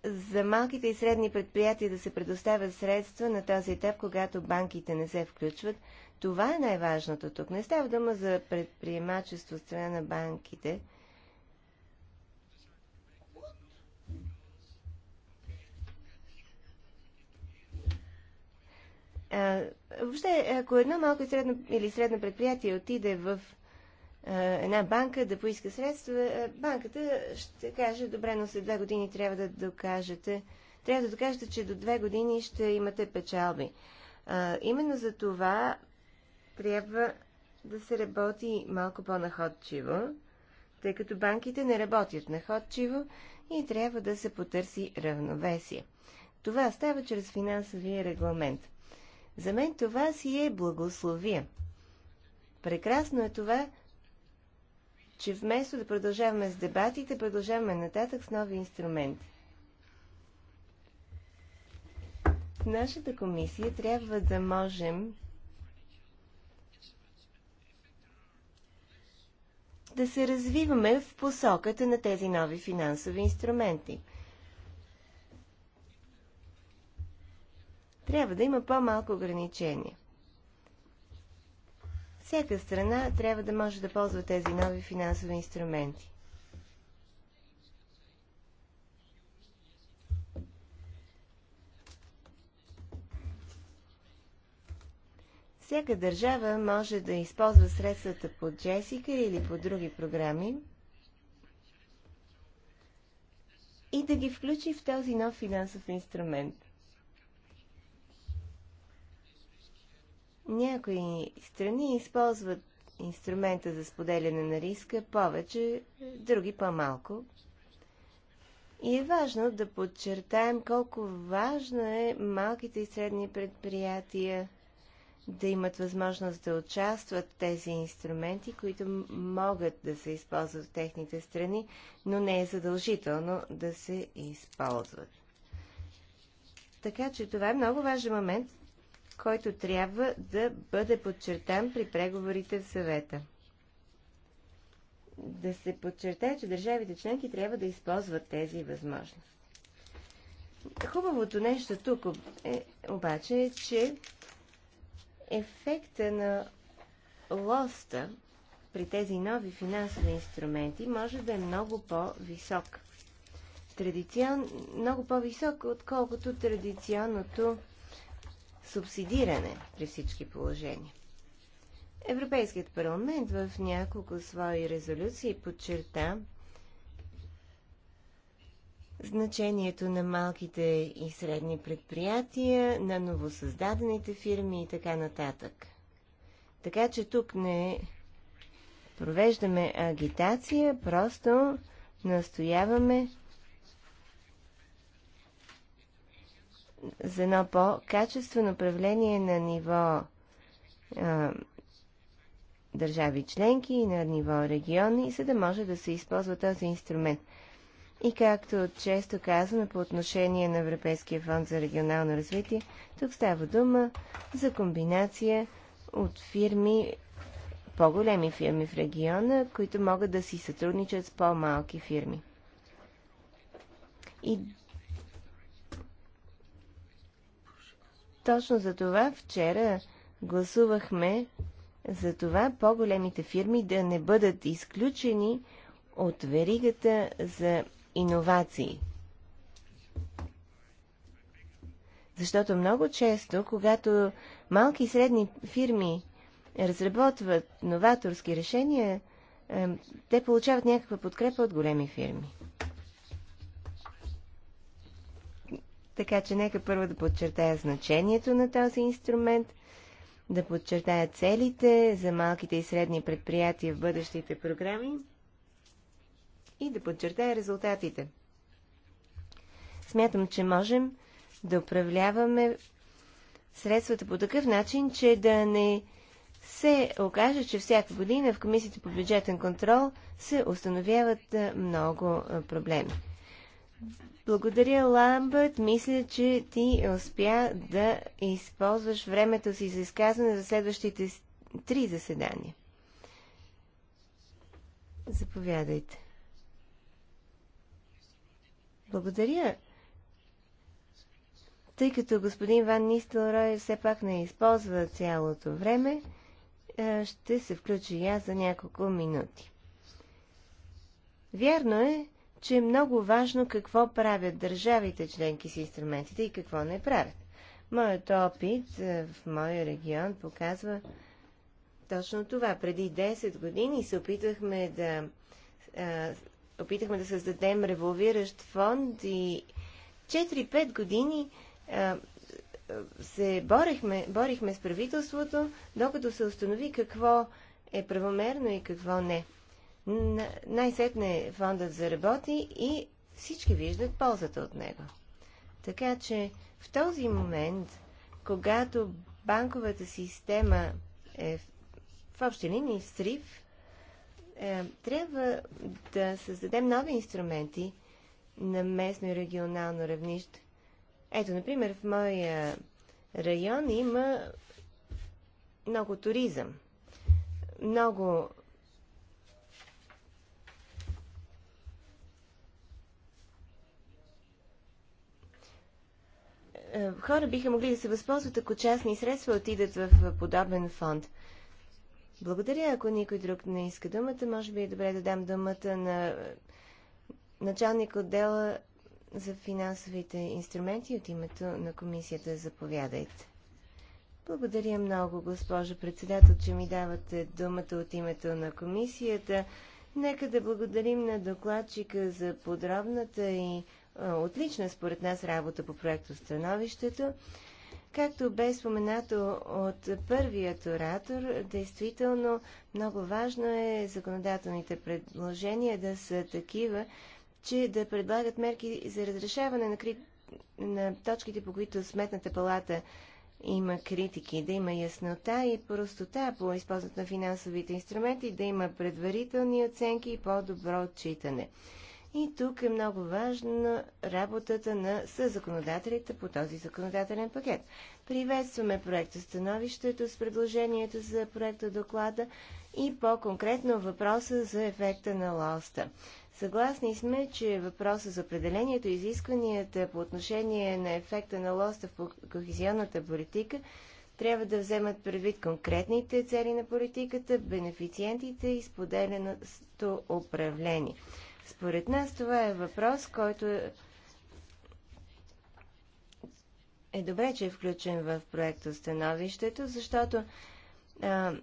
за малките и средни предприятия да се предоставят средства на този етап, когато банките не се включват, това е най-важното тук. Не става дума за предприемачество от страна на банките, А, въобще, ако едно малко и средно, или средно предприятие отиде в а, една банка да поиска средства, банката ще каже, добре, но след две години трябва да докажете, трябва да докажете, че до две години ще имате печалби. А, именно за това трябва да се работи малко по-находчиво, тъй като банките не работят находчиво и трябва да се потърси равновесие. Това става чрез финансовия регламент. За мен това си е благословие. Прекрасно е това, че вместо да продължаваме с дебатите, продължаваме нататък с нови инструменти. В нашата комисия трябва да можем да се развиваме в посоката на тези нови финансови инструменти. трябва да има по-малко ограничения. Всяка страна трябва да може да ползва тези нови финансови инструменти. Всяка държава може да използва средствата по Джесика или по други програми и да ги включи в този нов финансов инструмент – Някои страни използват инструмента за споделяне на риска повече, други по-малко. И е важно да подчертаем колко важно е малките и средни предприятия да имат възможност да участват в тези инструменти, които могат да се използват в техните страни, но не е задължително да се използват. Така че това е много важен момент, който трябва да бъде подчертан при преговорите в съвета. Да се подчертае, че държавите членки трябва да използват тези възможности. Хубавото нещо тук е, обаче е, че ефекта на лоста при тези нови финансови инструменти може да е много по-висок. Традицион... Много по-висок, отколкото традиционното субсидиране при всички положения. Европейският парламент в няколко свои резолюции подчерта значението на малките и средни предприятия, на новосъздадените фирми и така нататък. Така че тук не провеждаме агитация, просто настояваме за едно по-качествено управление на ниво а, държави членки и на ниво региони, за да може да се използва този инструмент. И както често казваме по отношение на Европейския фонд за регионално развитие, тук става дума за комбинация от фирми, по-големи фирми в региона, които могат да си сътрудничат с по-малки фирми. И Точно за това вчера гласувахме за това по-големите фирми да не бъдат изключени от веригата за иновации. Защото много често, когато малки и средни фирми разработват новаторски решения, е, те получават някаква подкрепа от големи фирми. Така че нека първо да подчертая значението на този инструмент, да подчертая целите за малките и средни предприятия в бъдещите програми и да подчертая резултатите. Смятам, че можем да управляваме средствата по такъв начин, че да не се окаже, че всяка година в Комисията по бюджетен контрол се установяват много проблеми. Благодаря, Ламбърт. Мисля, че ти успя да използваш времето си за изказване за следващите три заседания. Заповядайте. Благодаря. Тъй като господин Ван Нистелрой все пак не използва цялото време, ще се включи я за няколко минути. Вярно е, че е много важно какво правят държавите членки с инструментите и какво не правят. Моят опит е, в моя регион показва точно това. Преди 10 години се опитахме да, е, опитахме да създадем револвиращ фонд и 4-5 години е, се борихме, борихме с правителството, докато се установи какво е правомерно и какво не най-сетне фондът заработи и всички виждат ползата от него. Така че в този момент, когато банковата система е в общи линии в срив, е, трябва да създадем нови инструменти на местно и регионално равнище. Ето, например, в моя район има много туризъм. Много Е, хора биха могли да се възползват, ако частни средства отидат в подобен фонд. Благодаря. Ако никой друг не иска думата, може би е добре да дам думата на е, началник отдела за финансовите инструменти от името на комисията. Заповядайте. Благодаря много, госпожо председател, че ми давате думата от името на комисията. Нека да благодарим на докладчика за подробната и отлична според нас работа по проекто становището. Както бе споменато от първият оратор, действително много важно е законодателните предложения да са такива, че да предлагат мерки за разрешаване на, кри... на точките, по които Сметната палата има критики, да има яснота и простота по използването на финансовите инструменти, да има предварителни оценки и по-добро отчитане. И тук е много важна работата на съзаконодателите по този законодателен пакет. Приветстваме проекта становището с предложението за проекта доклада и по-конкретно въпроса за ефекта на лоста. Съгласни сме, че въпроса за определението и изискванията по отношение на ефекта на лоста в кохезионната политика трябва да вземат предвид конкретните цели на политиката, бенефициентите и споделеното управление. Според нас това е въпрос, който е добре, че е включен в проекта становището, защото а,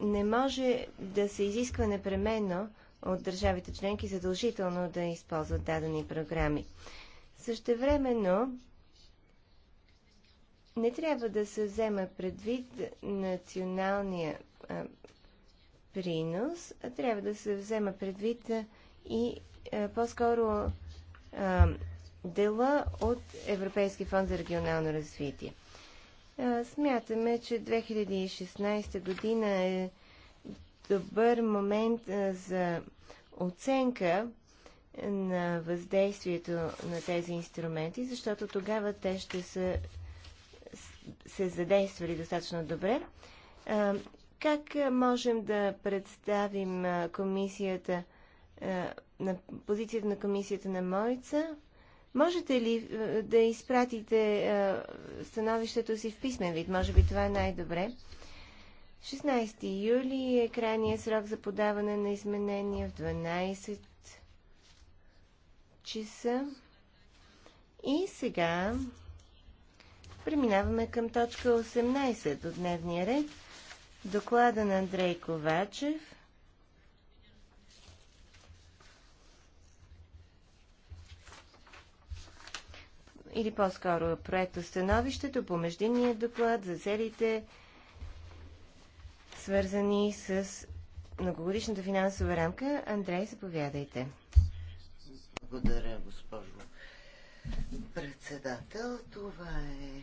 не може да се изисква непременно от държавите членки задължително да използват дадени програми. времено не трябва да се взема предвид националния а, принос, трябва да се взема предвид и по-скоро дела от Европейски фонд за регионално развитие. Смятаме, че 2016 година е добър момент за оценка на въздействието на тези инструменти, защото тогава те ще са се задействали достатъчно добре как можем да представим комисията, на позицията на комисията на Мойца? Можете ли да изпратите становището си в писмен вид? Може би това е най-добре. 16 юли е крайният срок за подаване на изменения в 12 часа. И сега преминаваме към точка 18 от дневния ред – доклада на Андрей Ковачев. или по-скоро проекта становището по междинния доклад за целите, свързани с многогодишната финансова рамка. Андрей, заповядайте. Благодаря, госпожо председател. Това е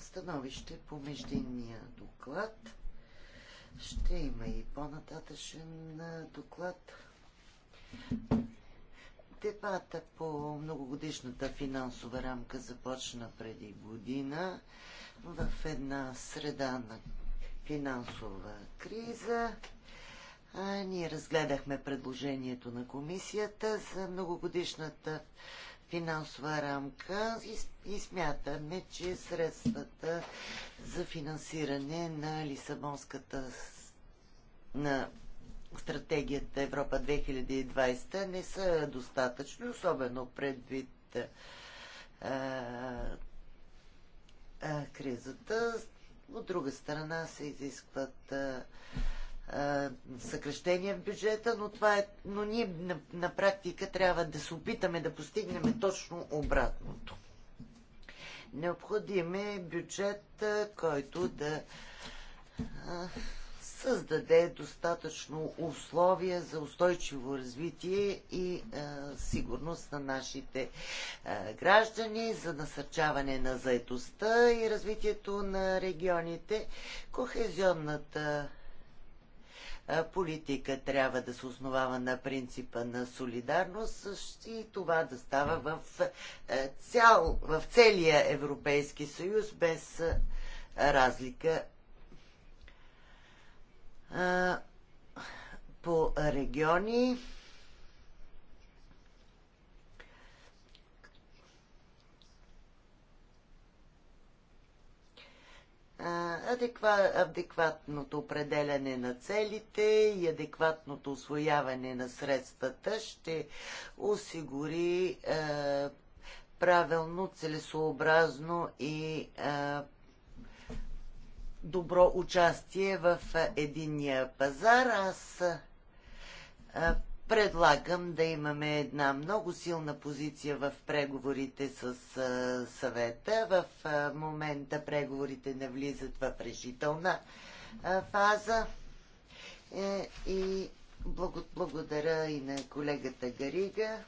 становище по междинния доклад ще има и по-нататъчен доклад. Дебата по многогодишната финансова рамка започна преди година в една среда на финансова криза. А, ние разгледахме предложението на комисията за многогодишната финансова рамка и, и смятаме, че средствата за финансиране на Лисабонската на стратегията Европа 2020 не са достатъчни, особено предвид кризата. От друга страна се изискват съкрещения в бюджета, но, това е, но ние на, на практика трябва да се опитаме да постигнем точно обратното. Необходим е бюджет, който да а, създаде достатъчно условия за устойчиво развитие и а, сигурност на нашите а, граждани, за насърчаване на заетостта и развитието на регионите. Кохезионната политика трябва да се основава на принципа на солидарност и това да става в, цял, в целия Европейски съюз без разлика по региони. адеква, адекватното определяне на целите и адекватното освояване на средствата ще осигури е, правилно, целесообразно и е, добро участие в единния пазар. Аз е, предлагам да имаме една много силна позиция в преговорите с съвета. В момента преговорите не влизат в решителна фаза. Е, и благодаря и на колегата Гарига.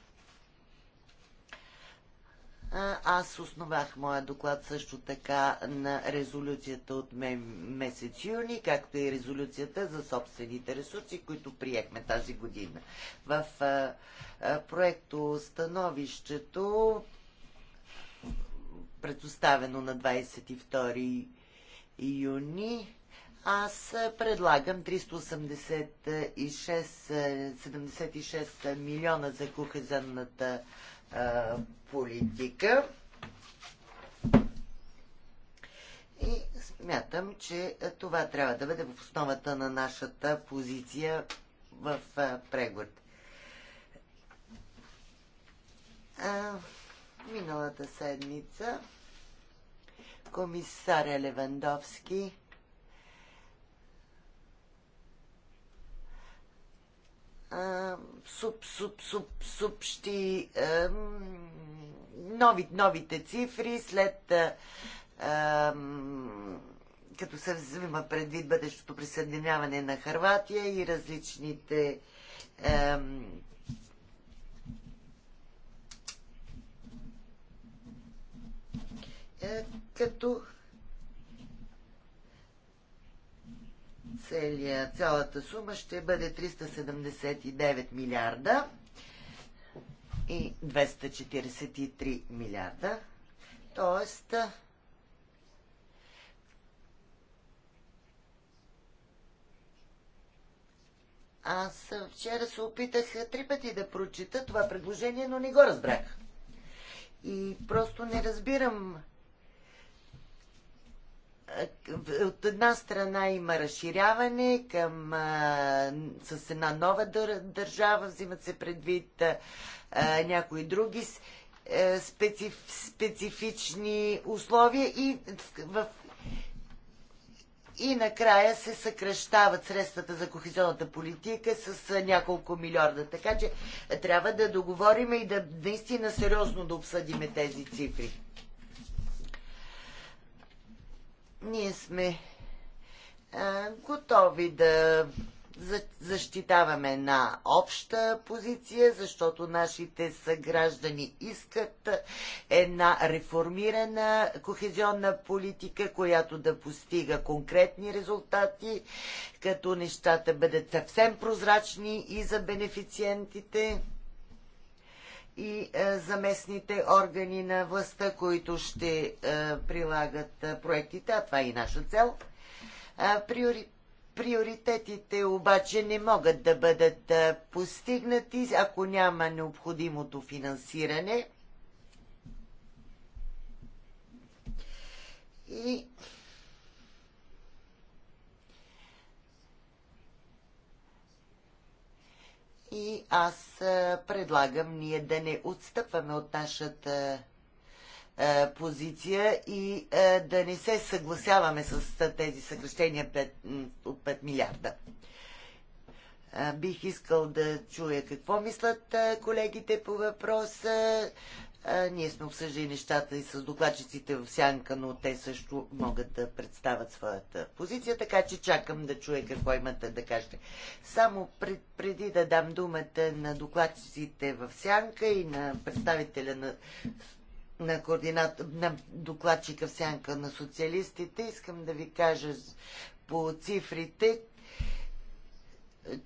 Аз основах моя доклад също така на резолюцията от месец юни, както и резолюцията за собствените ресурси, които приехме тази година. В проекто становището, предоставено на 22 юни, аз предлагам 386 76 милиона за кухезенната политика. И смятам, че това трябва да бъде в основата на нашата позиция в преглед. Миналата седмица комисаря Левандовски суп, суп, суп, суп, ще, а, нови, новите цифри след а, а, като се взима предвид бъдещото присъединяване на Харватия и различните а, като целия, цялата сума ще бъде 379 милиарда и 243 милиарда. Тоест, Аз вчера се опитах три пъти да прочита това предложение, но не го разбрах. И просто не разбирам от една страна има разширяване към, а, с една нова дър, държава, взимат се предвид а, някои други а, е, специф, специфични условия и в и накрая се съкръщават средствата за кохезионната политика с няколко милиарда. Така че трябва да договорим и да наистина сериозно да обсъдиме тези цифри ние сме а, готови да защитаваме на обща позиция, защото нашите съграждани искат една реформирана кохезионна политика, която да постига конкретни резултати, като нещата бъдат съвсем прозрачни и за бенефициентите и е, заместните органи на властта, които ще е, прилагат е, проектите, а това е и наша цел. Приори... Приоритетите обаче не могат да бъдат постигнати, ако няма необходимото финансиране. И И аз предлагам ние да не отстъпваме от нашата позиция и да не се съгласяваме с тези съкрещения 5, от 5 милиарда. Бих искал да чуя какво мислят колегите по въпроса, ние сме обсъждали нещата и с докладчиците в сянка, но те също могат да представят своята позиция, така че чакам да чуя какво имате да кажете. Само пред, преди да дам думата на докладчиците в сянка и на представителя на, на, координат, на докладчика в сянка на социалистите, искам да ви кажа по цифрите,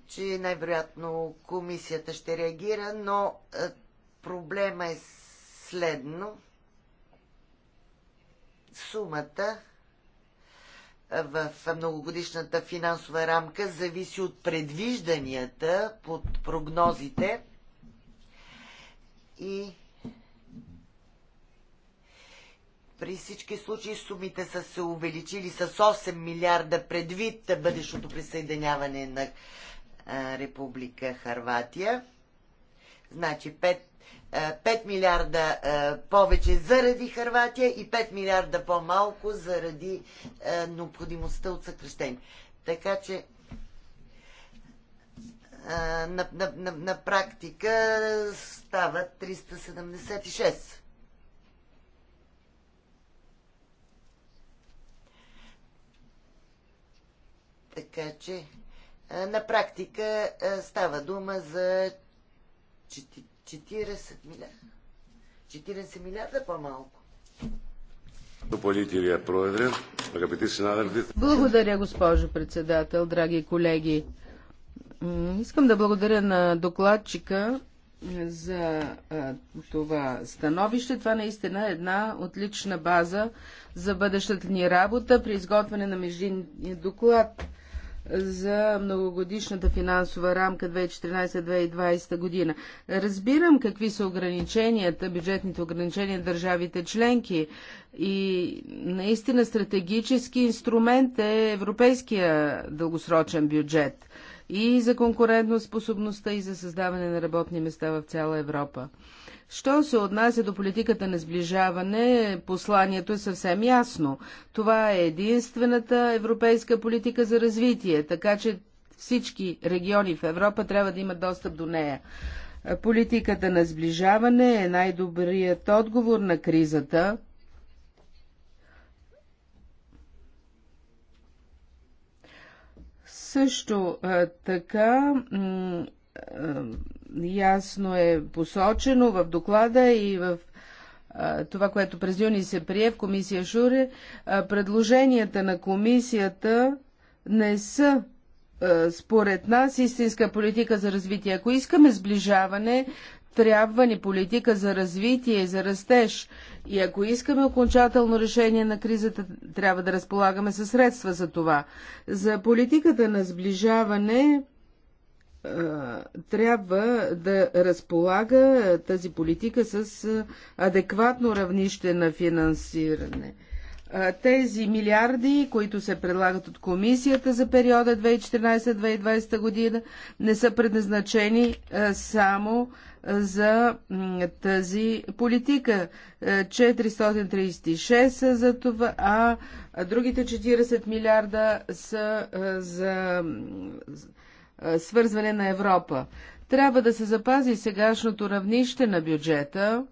че най-вероятно комисията ще реагира, но проблема е следно. Сумата в многогодишната финансова рамка зависи от предвижданията под прогнозите и при всички случаи сумите са се увеличили с 8 милиарда предвид бъдещото присъединяване на Република Харватия. Значи 5 5 е, милиарда е, повече заради Харватия и 5 милиарда по-малко заради е, необходимостта от съкрещение. Така че на, на, на, на практика става 376. Така че на практика става дума за 40 милиарда. 40 милиарда по-малко. Благодаря, госпожо председател, драги колеги. Искам да благодаря на докладчика е, за е, това становище. Това наистина е една отлична база за бъдещата ни работа при изготвяне на междинния доклад за многогодишната финансова рамка 2014-2020 година. Разбирам какви са ограниченията, бюджетните ограничения на държавите членки и наистина стратегически инструмент е европейския дългосрочен бюджет и за конкурентоспособността и за създаване на работни места в цяла Европа. Що се отнася до политиката на сближаване, посланието е съвсем ясно. Това е единствената европейска политика за развитие, така че всички региони в Европа трябва да имат достъп до нея. Политиката на сближаване е най-добрият отговор на кризата. Също така е, е, ясно е посочено в доклада и в е, това, което през юни се прие в комисия Шуре, предложенията на комисията не са според нас истинска политика за развитие. Ако искаме сближаване, трябва ни политика за развитие и за растеж. И ако искаме окончателно решение на кризата, трябва да разполагаме със средства за това. За политиката на сближаване трябва да разполага тази политика с адекватно равнище на финансиране. Тези милиарди, които се предлагат от комисията за периода 2014-2020 година, не са предназначени само за тази политика. 436 са за това, а другите 40 милиарда са за свързване на Европа. Трябва да се запази сегашното равнище на бюджета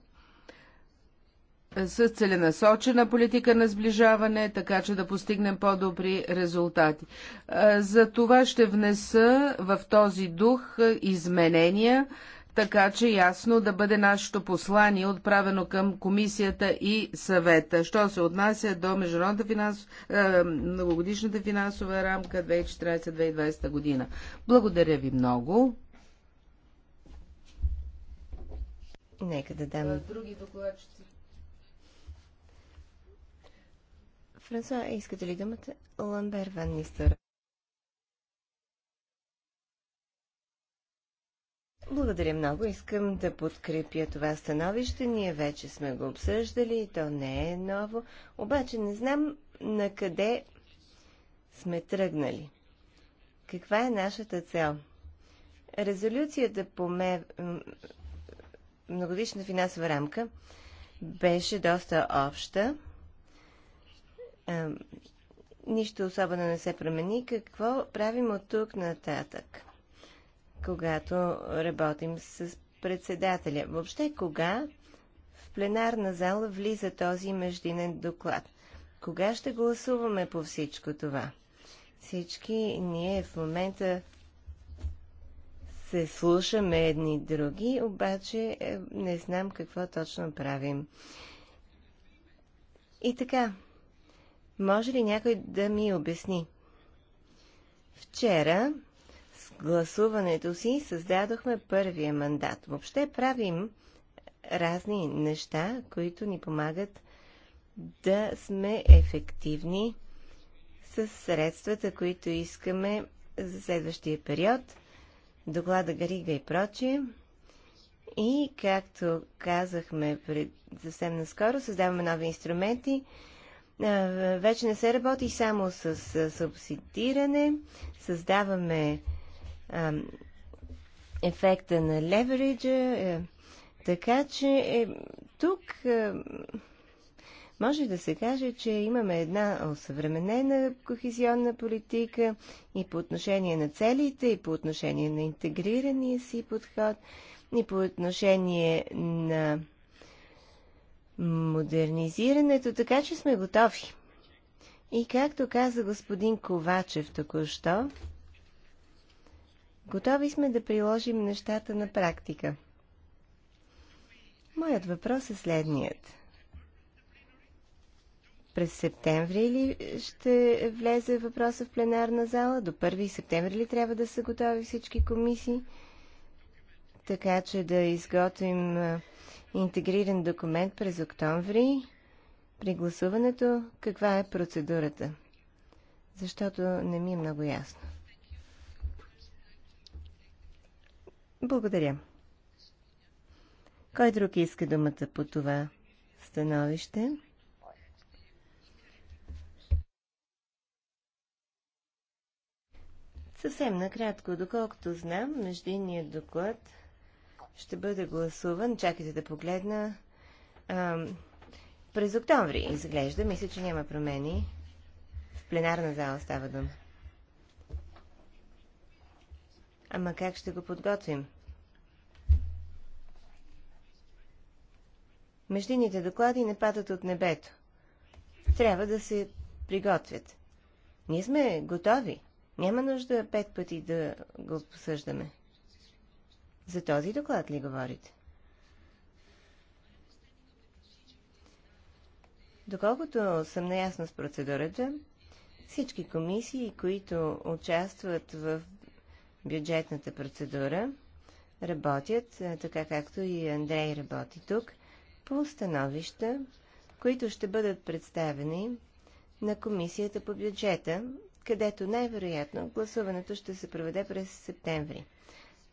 с целенасочена политика на сближаване, така че да постигнем по-добри резултати. За това ще внеса в този дух изменения така че ясно да бъде нашето послание, отправено към комисията и съвета. Що се отнася до международната финансов... Е, многогодишната финансова рамка 2014-2020 година. Благодаря ви много. Нека да дам... Е, други докладчици. Франсуа, искате ли думата? Ламбер Ван Нистър. Благодаря много. Искам да подкрепя това становище. Ние вече сме го обсъждали и то не е ново. Обаче не знам на къде сме тръгнали. Каква е нашата цел? Резолюцията по ме... многодишна финансова рамка беше доста обща. Нищо особено не се промени. Какво правим от тук нататък? когато работим с председателя. Въобще кога в пленарна зала влиза този междинен доклад? Кога ще гласуваме по всичко това? Всички ние в момента се слушаме едни други, обаче е, не знам какво точно правим. И така, може ли някой да ми обясни? Вчера гласуването си създадохме първия мандат. Въобще правим разни неща, които ни помагат да сме ефективни с средствата, които искаме за следващия период, доклада Гарига и прочие. И, както казахме пред, съвсем наскоро, създаваме нови инструменти. Вече не се работи само с субсидиране, създаваме ефекта на левериджа. Е, така че е, тук е, може да се каже, че имаме една осъвременена кохезионна политика и по отношение на целите, и по отношение на интегрирания си подход, и по отношение на модернизирането, така че сме готови. И както каза господин Ковачев току-що, Готови сме да приложим нещата на практика. Моят въпрос е следният. През септември ли ще влезе въпроса в пленарна зала? До 1 септември ли трябва да са готови всички комисии? Така че да изготвим интегриран документ през октомври. При гласуването каква е процедурата? Защото не ми е много ясно. Благодаря. Кой друг иска думата по това становище? Съвсем накратко, доколкото знам, междинният доклад ще бъде гласуван. Чакайте да погледна. през октомври изглежда. Мисля, че няма промени. В пленарна зала става дума. Ама как ще го подготвим? Междинните доклади не падат от небето. Трябва да се приготвят. Ние сме готови. Няма нужда пет пъти да го посъждаме. За този доклад ли говорите? Доколкото съм наясна с процедурата, всички комисии, които участват в бюджетната процедура работят, така както и Андрей работи тук, по становища, които ще бъдат представени на Комисията по бюджета, където най-вероятно гласуването ще се проведе през септември.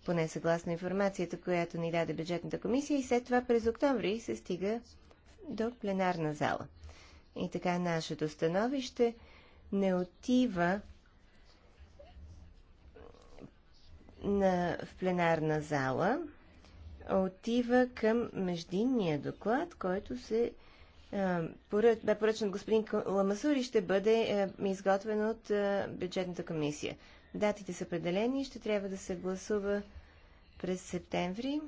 Поне съгласно информацията, която ни даде бюджетната комисия и след това през октомври се стига до пленарна зала. И така нашето становище не отива на, в пленарна зала отива към междинния доклад, който се бе поръчен господин Ламасури, и ще бъде изготвен от бюджетната комисия. Датите са определени и ще трябва да се гласува през септември.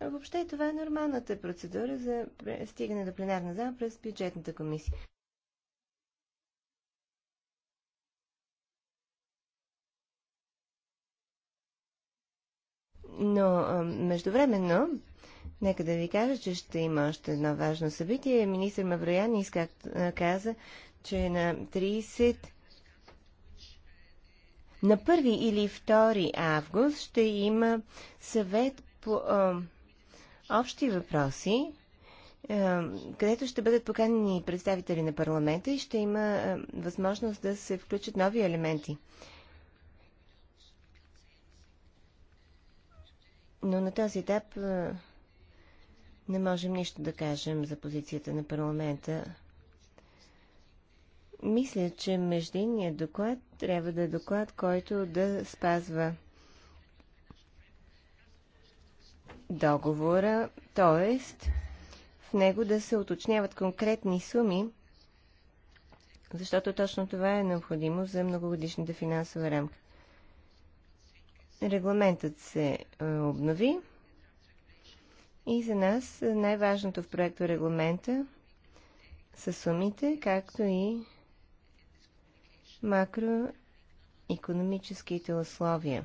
Въобще това е нормалната процедура за стигане до пленарна зала през бюджетната комисия. Но междувременно, нека да ви кажа, че ще има още едно важно събитие. Министр Мавроян каза, че на 30 на 1 или 2 август ще има съвет по а, общи въпроси, а, където ще бъдат поканени представители на парламента и ще има а, възможност да се включат нови елементи Но на този етап не можем нищо да кажем за позицията на парламента. Мисля, че междинният доклад трябва да е доклад, който да спазва договора, т.е. в него да се уточняват конкретни суми, защото точно това е необходимо за многогодишната финансова рамка регламентът се е, обнови и за нас най-важното в проекта регламента са сумите, както и макроекономическите условия,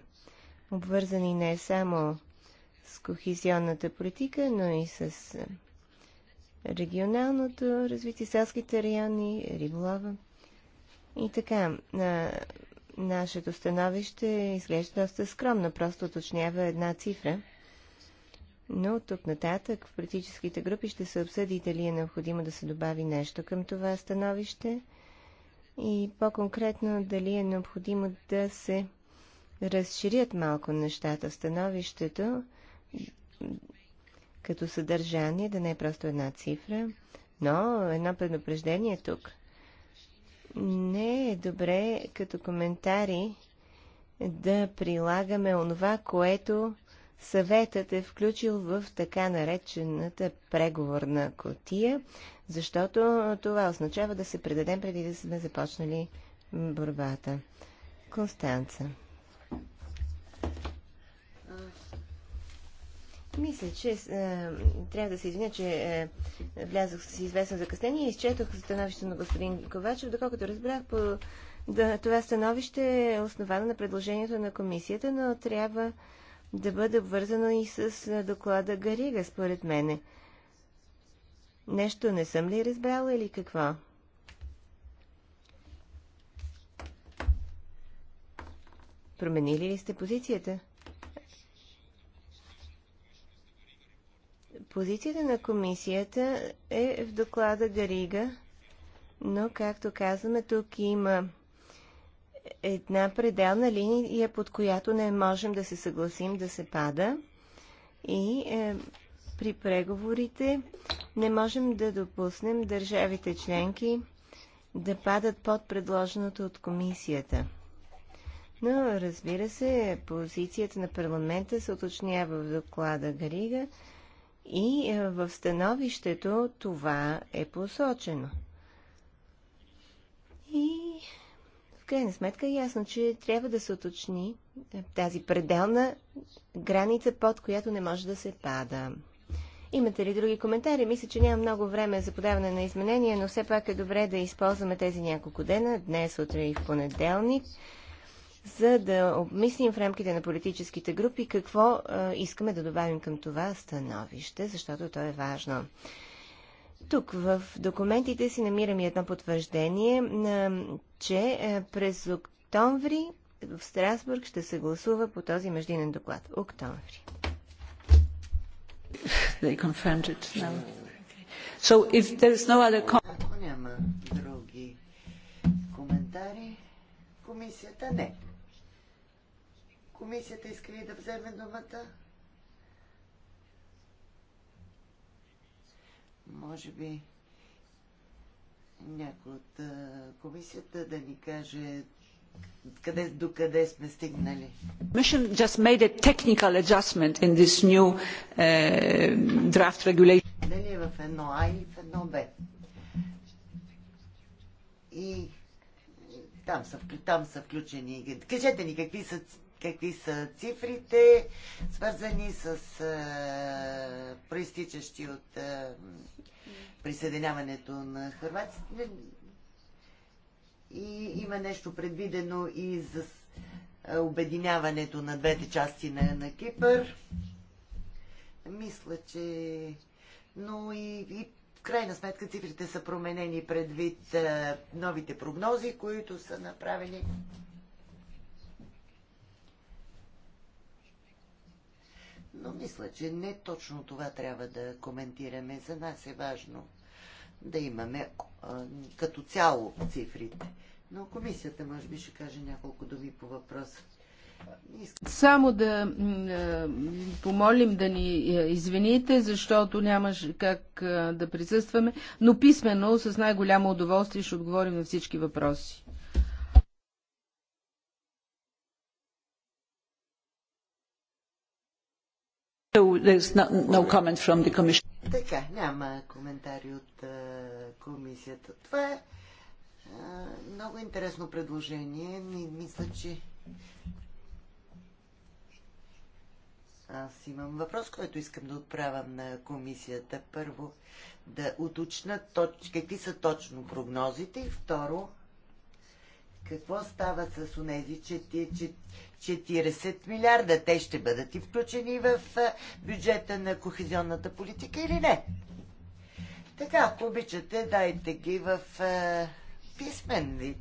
обвързани не само с кохизионната политика, но и с е, регионалното развитие, селските райони, риболова. И така, Нашето становище изглежда доста скромно, просто уточнява една цифра. Но тук нататък в политическите групи ще се обсъди дали е необходимо да се добави нещо към това становище и по-конкретно дали е необходимо да се разширят малко нещата в становището като съдържание, да не е просто една цифра, но едно предупреждение тук – не е добре като коментари да прилагаме онова, което съветът е включил в така наречената преговорна котия, защото това означава да се предадем преди да сме започнали борбата. Констанца. Мисля, че е, трябва да се извиня, че е, влязох с известно закъснение и изчетох становището на господин Ковачев. Доколкото разбрах, по, да, това становище е основано на предложението на комисията, но трябва да бъде обвързано и с е, доклада Гарига, според мене. Нещо не съм ли разбрала или какво? Променили ли сте позицията? Позицията на комисията е в доклада Гарига, но, както казваме, тук има една пределна линия, под която не можем да се съгласим да се пада. И е, при преговорите не можем да допуснем държавите членки да падат под предложеното от комисията. Но, разбира се, позицията на парламента се уточнява в доклада Гарига и е, в становището това е посочено. И в крайна сметка е ясно, че трябва да се уточни е, тази пределна граница, под която не може да се пада. Имате ли други коментари? Мисля, че няма много време за подаване на изменения, но все пак е добре да използваме тези няколко дена, днес, утре и в понеделник за да обмислим в рамките на политическите групи какво а, искаме да добавим към това становище, защото то е важно. Тук в документите си намираме едно потвърждение, че през октомври в Страсбург ще се гласува по този междинен доклад. Октомври. They confirmed it So if no other... Ако няма други коментари, комисията не. Комисията иска ли да вземе думата? Може би някой от комисията да ни каже къде, до къде сме стигнали. Commission just made a technical adjustment in this new uh, draft regulation. Дали е в едно А и в едно Б. И там са, там са включени. Кажете ни какви са какви са цифрите, свързани с проистичащи от присъединяването на Хрватия. И има нещо предвидено и за обединяването на двете части на, на Кипър. Мисля, че... Но и, и в крайна сметка цифрите са променени предвид новите прогнози, които са направени. Но мисля, че не точно това трябва да коментираме. За нас е важно да имаме а, като цяло цифрите. Но комисията може би ще каже няколко думи по въпроса. Само да помолим да ни извините, защото нямаш как да присъстваме, но писменно с най-голямо удоволствие ще отговорим на всички въпроси. No, no така, няма коментари от комисията. Това е много интересно предложение. Мисля, че Аз имам въпрос, който искам да отправям на комисията. Първо, да уточна точ... какви са точно прогнозите и второ, какво става с тези 40 милиарда? Те ще бъдат и включени в бюджета на кохезионната политика или не? Така, ако обичате, дайте ги в писмен вид.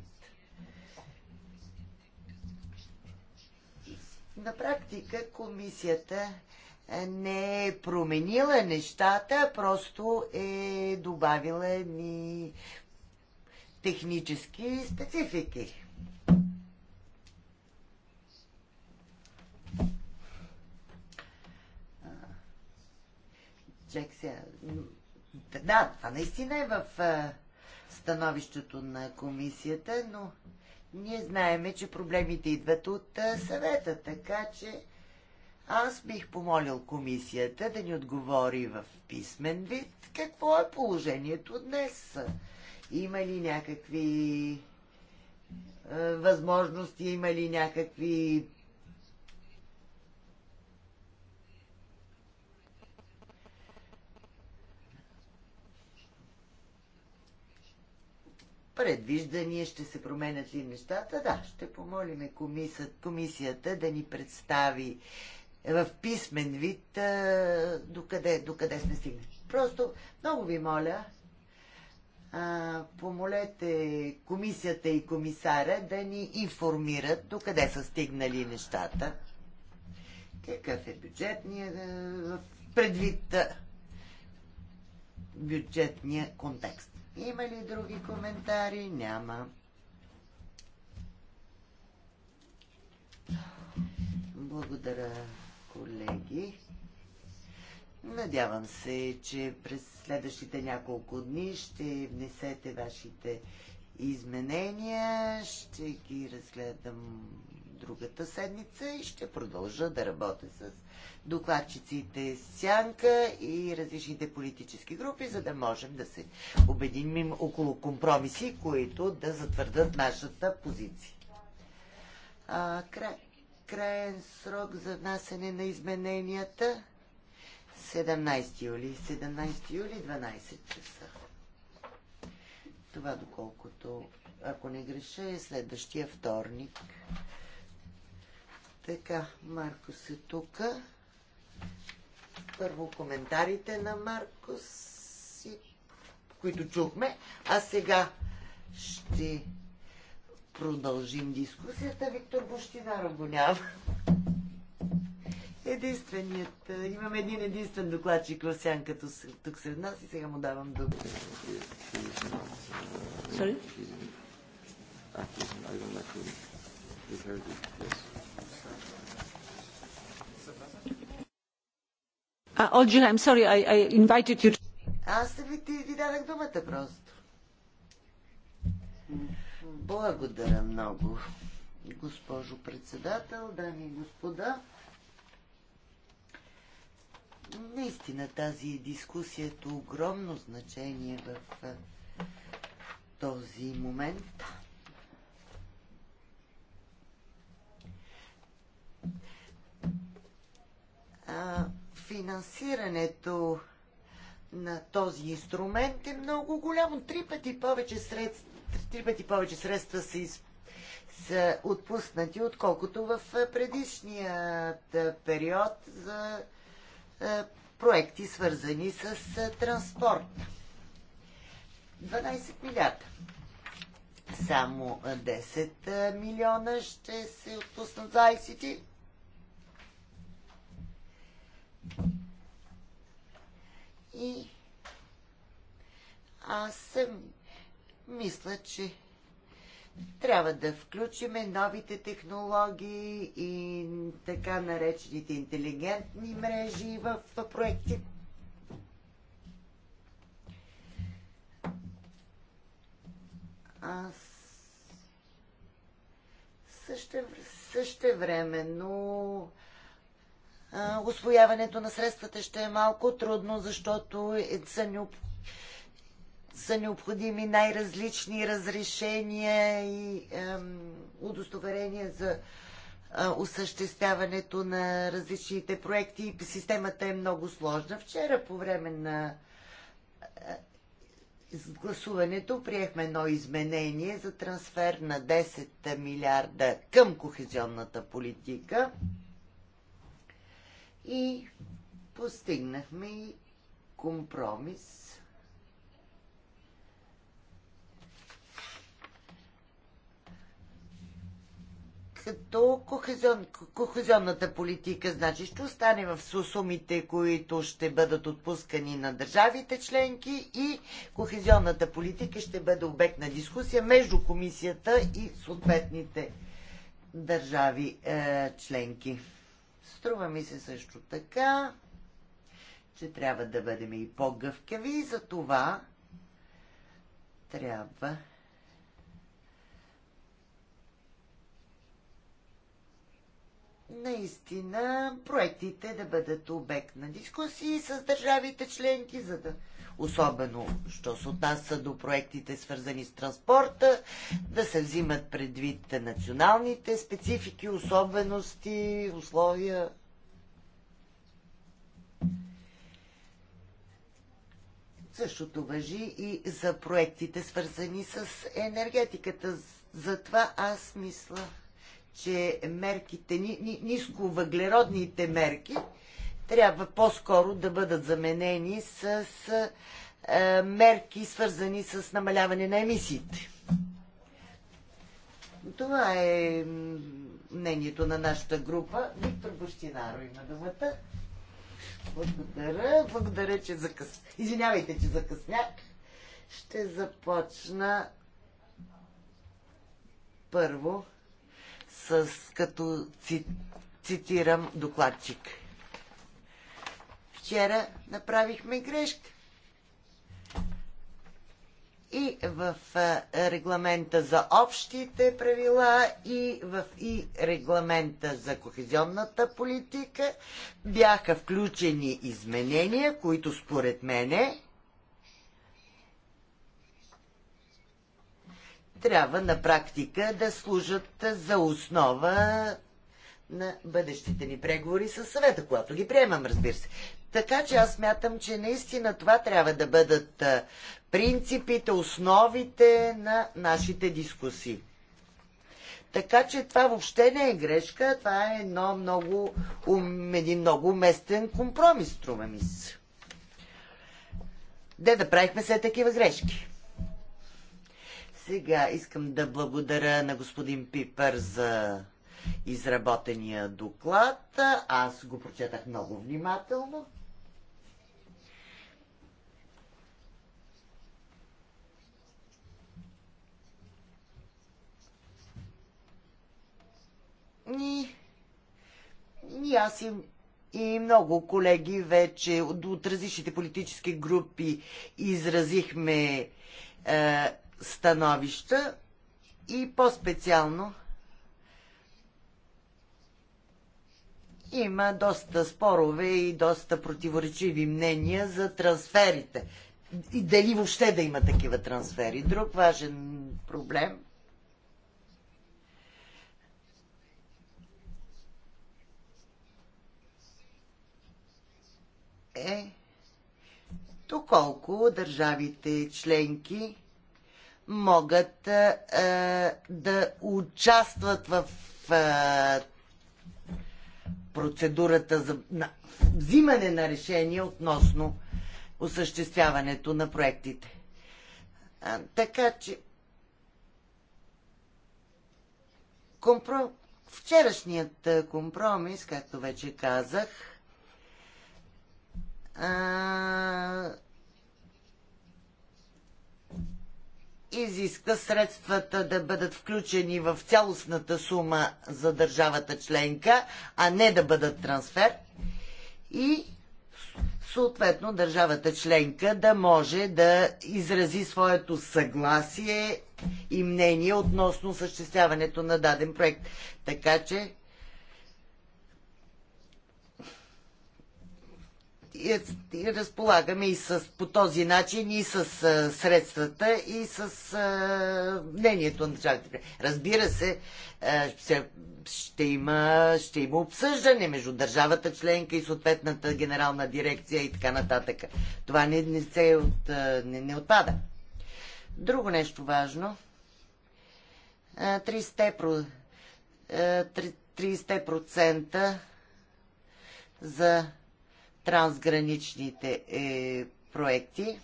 На практика комисията не е променила нещата, просто е добавила ни технически специфики. Чек сега. Да, това наистина е в становището на комисията, но ние знаеме, че проблемите идват от съвета, така че аз бих помолил комисията да ни отговори в писмен вид какво е положението днес има ли някакви е, възможности, има ли някакви предвиждания, ще се променят ли нещата. Да, ще помолим комисията, комисията да ни представи в писмен вид е, докъде, докъде сме стигнали. Просто много ви моля помолете комисията и комисара да ни информират до къде са стигнали нещата. Какъв е бюджетния е, предвид е, бюджетния контекст. Има ли други коментари? Няма. Благодаря, колеги. Надявам се, че през следващите няколко дни ще внесете вашите изменения, ще ги разгледам другата седмица и ще продължа да работя с докладчиците Сянка и различните политически групи, за да можем да се обединим около компромиси, които да затвърдат нашата позиция. А, край, краен срок за внасене на измененията 17 юли. 17 юли 12 часа. Това доколкото, ако не греша, е следващия вторник. Така, Маркос е тук. Първо коментарите на Маркос, които чухме, а сега ще продължим дискусията. Виктор Бощинаров го няма единственият, Имам един единствен докладчик в с, тук сред нас и сега му давам дума. Sorry? Uh, I'm sorry, I, I invited you. Аз ви, ти, ви дадах думата просто. Благодаря много, госпожо председател, дами и господа наистина тази дискусия е огромно значение в този момент. А, финансирането на този инструмент е много голямо. Три пъти повече средства, три пъти повече средства са, из, са отпуснати, отколкото в предишният период за е, проекти, свързани с е, транспорт. 12 милиарда. Само 10 е, милиона ще се отпуснат за ICT. И аз мисля, че трябва да включиме новите технологии и така наречените интелигентни мрежи в проекти. Аз също, същевременно освояването на средствата ще е малко трудно, защото е, са необходими са необходими най-различни разрешения и ем, удостоверения за е, осъществяването на различните проекти. Системата е много сложна. Вчера по време на е, гласуването приехме едно изменение за трансфер на 10 милиарда към кохезионната политика и постигнахме и компромис до кохезион, кохезионната политика, значи ще остане в сумите, които ще бъдат отпускани на държавите членки и кохезионната политика ще бъде обект на дискусия между комисията и съответните държави е, членки. Струва ми се също така, че трябва да бъдем и по-гъвкави и за това трябва наистина проектите да бъдат обект на дискусии с държавите членки, за да особено, що се отнася до проектите свързани с транспорта, да се взимат предвид националните специфики, особености, условия. Същото въжи и за проектите свързани с енергетиката. Затова аз мисля, че мерките, ни, ни, нисковъглеродните мерки, трябва по-скоро да бъдат заменени с, с е, мерки, свързани с намаляване на емисиите. Това е мнението на нашата група. Виктор Бощинаро има думата. Благодаря. Благодаря, че закъснях. Извинявайте, че закъснях. Ще започна първо с, като ци, цитирам докладчик. Вчера направихме грешка. И в регламента за общите правила, и в и регламента за кохезионната политика бяха включени изменения, които според мене трябва на практика да служат за основа на бъдещите ни преговори с съвета, когато ги приемам, разбира се. Така че аз мятам, че наистина това трябва да бъдат принципите, основите на нашите дискусии. Така че това въобще не е грешка, това е едно много, ум, един много уместен компромис, струва ми се. Де да правихме все такива грешки. Сега искам да благодаря на господин Пипър за изработения доклад. Аз го прочетах много внимателно. И, и аз им и много колеги вече от, от различните политически групи изразихме е, становища и по-специално има доста спорове и доста противоречиви мнения за трансферите. И дали въобще да има такива трансфери. Друг важен проблем е доколко държавите членки могат а, да участват в а, процедурата за на, взимане на решение относно осъществяването на проектите. А, така че компро... вчерашният компромис, както вече казах, а, изиска средствата да бъдат включени в цялостната сума за държавата членка, а не да бъдат трансфер. И съответно държавата членка да може да изрази своето съгласие и мнение относно съществяването на даден проект. Така че и, разполагаме и с, по този начин и с а, средствата и с а, мнението на държавите. Разбира се, а, ще, ще, има, ще има обсъждане между държавата членка и съответната генерална дирекция и така нататък. Това не, не, се от, а, не, не отпада. Друго нещо важно. 30%, 30% за трансграничните е, проекти.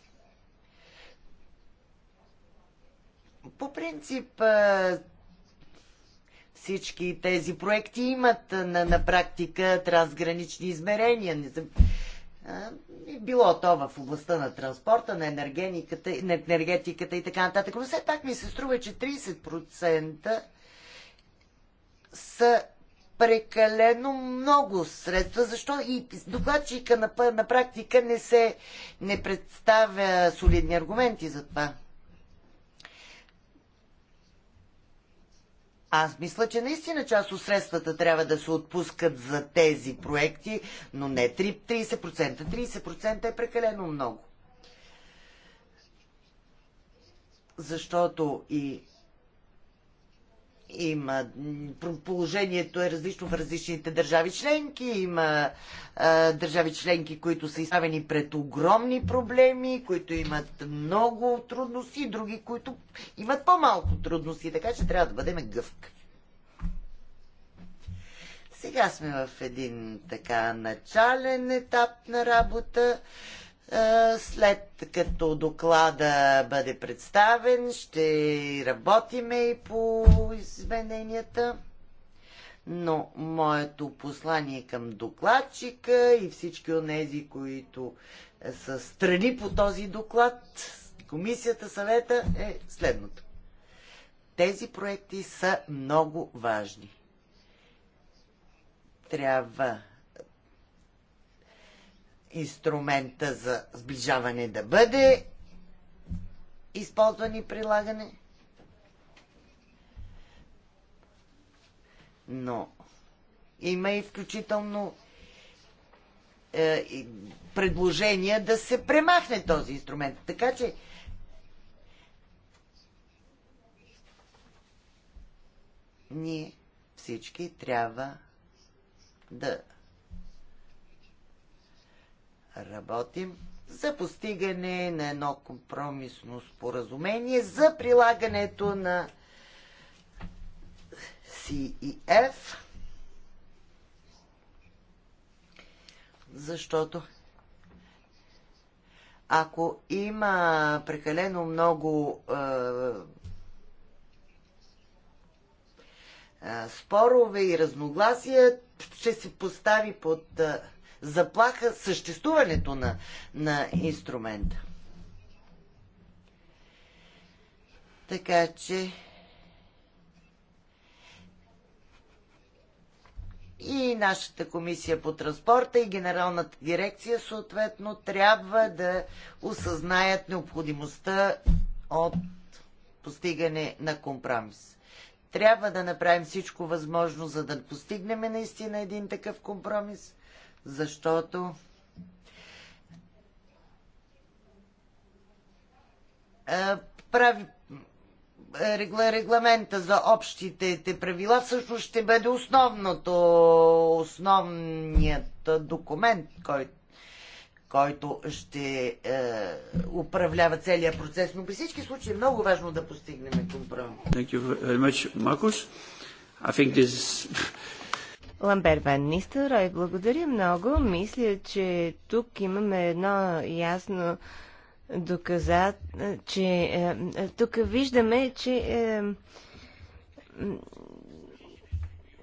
По принцип всички тези проекти имат на, на практика трансгранични измерения. Било то в областта на транспорта, на, енергетиката, на енергетиката и така нататък. Но все пак ми се струва, че 30% са прекалено много средства. Защо и докладчика на, на практика не се не представя солидни аргументи за това? Аз мисля, че наистина част от средствата трябва да се отпускат за тези проекти, но не 30%. 30% е прекалено много. Защото и има положението е различно в различните държави членки, има а, държави членки, които са изправени пред огромни проблеми, които имат много трудности, други, които имат по-малко трудности, така че трябва да бъдем гъвки. Сега сме в един така начален етап на работа. Е, след като доклада бъде представен, ще работиме и по измененията. Но моето послание към докладчика и всички от тези, които са страни по този доклад, комисията, съвета е следното. Тези проекти са много важни. Трябва инструмента за сближаване да бъде използван и прилагане. Но има е, и включително е, предложения да се премахне този инструмент. Така че ние всички трябва да работим за постигане на едно компромисно споразумение за прилагането на CEF, защото ако има прекалено много е, е, спорове и разногласия, ще се постави под е, заплаха съществуването на, на инструмента. Така че. и нашата комисия по транспорта и генералната дирекция съответно трябва да осъзнаят необходимостта от постигане на компромис. Трябва да направим всичко възможно, за да постигнем наистина един такъв компромис, защото е, прави регламента за общите правила всъщност ще бъде основното, основният документ, който който ще е, управлява целият процес. Но при всички случаи е много важно да постигнем компромис. Thank you very much, Marcus. I think this is... [LAUGHS] Ламбер Ван Нистелрой, благодаря много. Мисля, че тук имаме едно ясно доказа, че е, е, тук виждаме, че е,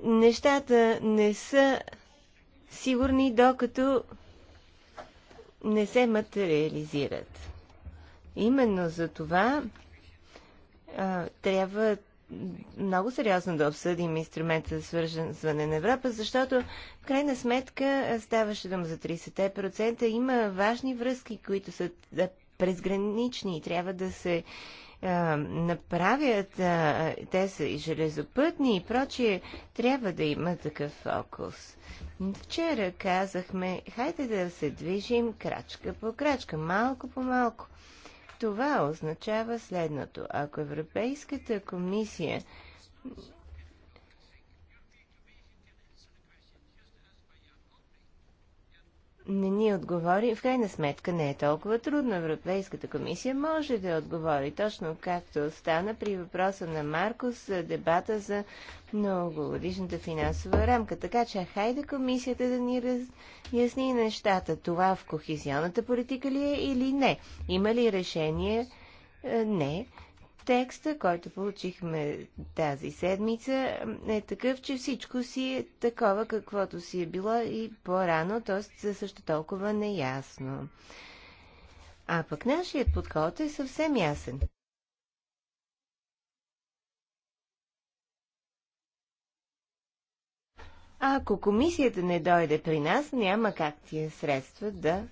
нещата не са сигурни, докато не се материализират. Именно за това а, трябва много сериозно да обсъдим инструмента за свързване на Европа, защото в крайна сметка ставаше дума за 30%. Има важни връзки, които са е, презгранични и трябва да се а, е, направят. А, е, те са и железопътни и прочие. Трябва да има такъв фокус. Вчера казахме, хайде да се движим крачка по крачка, малко по малко. Това означава следното. Ако Европейската комисия не ни отговори, в крайна сметка не е толкова трудно. Европейската комисия може да отговори, точно както стана при въпроса на Маркос дебата за многогодишната финансова рамка. Така че хайде комисията да ни разясни нещата. Това в кохезионната политика ли е или не? Има ли решение? Е, не. Текста, който получихме тази седмица, е такъв, че всичко си е такова, каквото си е било и по-рано, т.е. също толкова неясно. А пък нашият подход е съвсем ясен. А ако комисията не дойде при нас, няма как тия средства да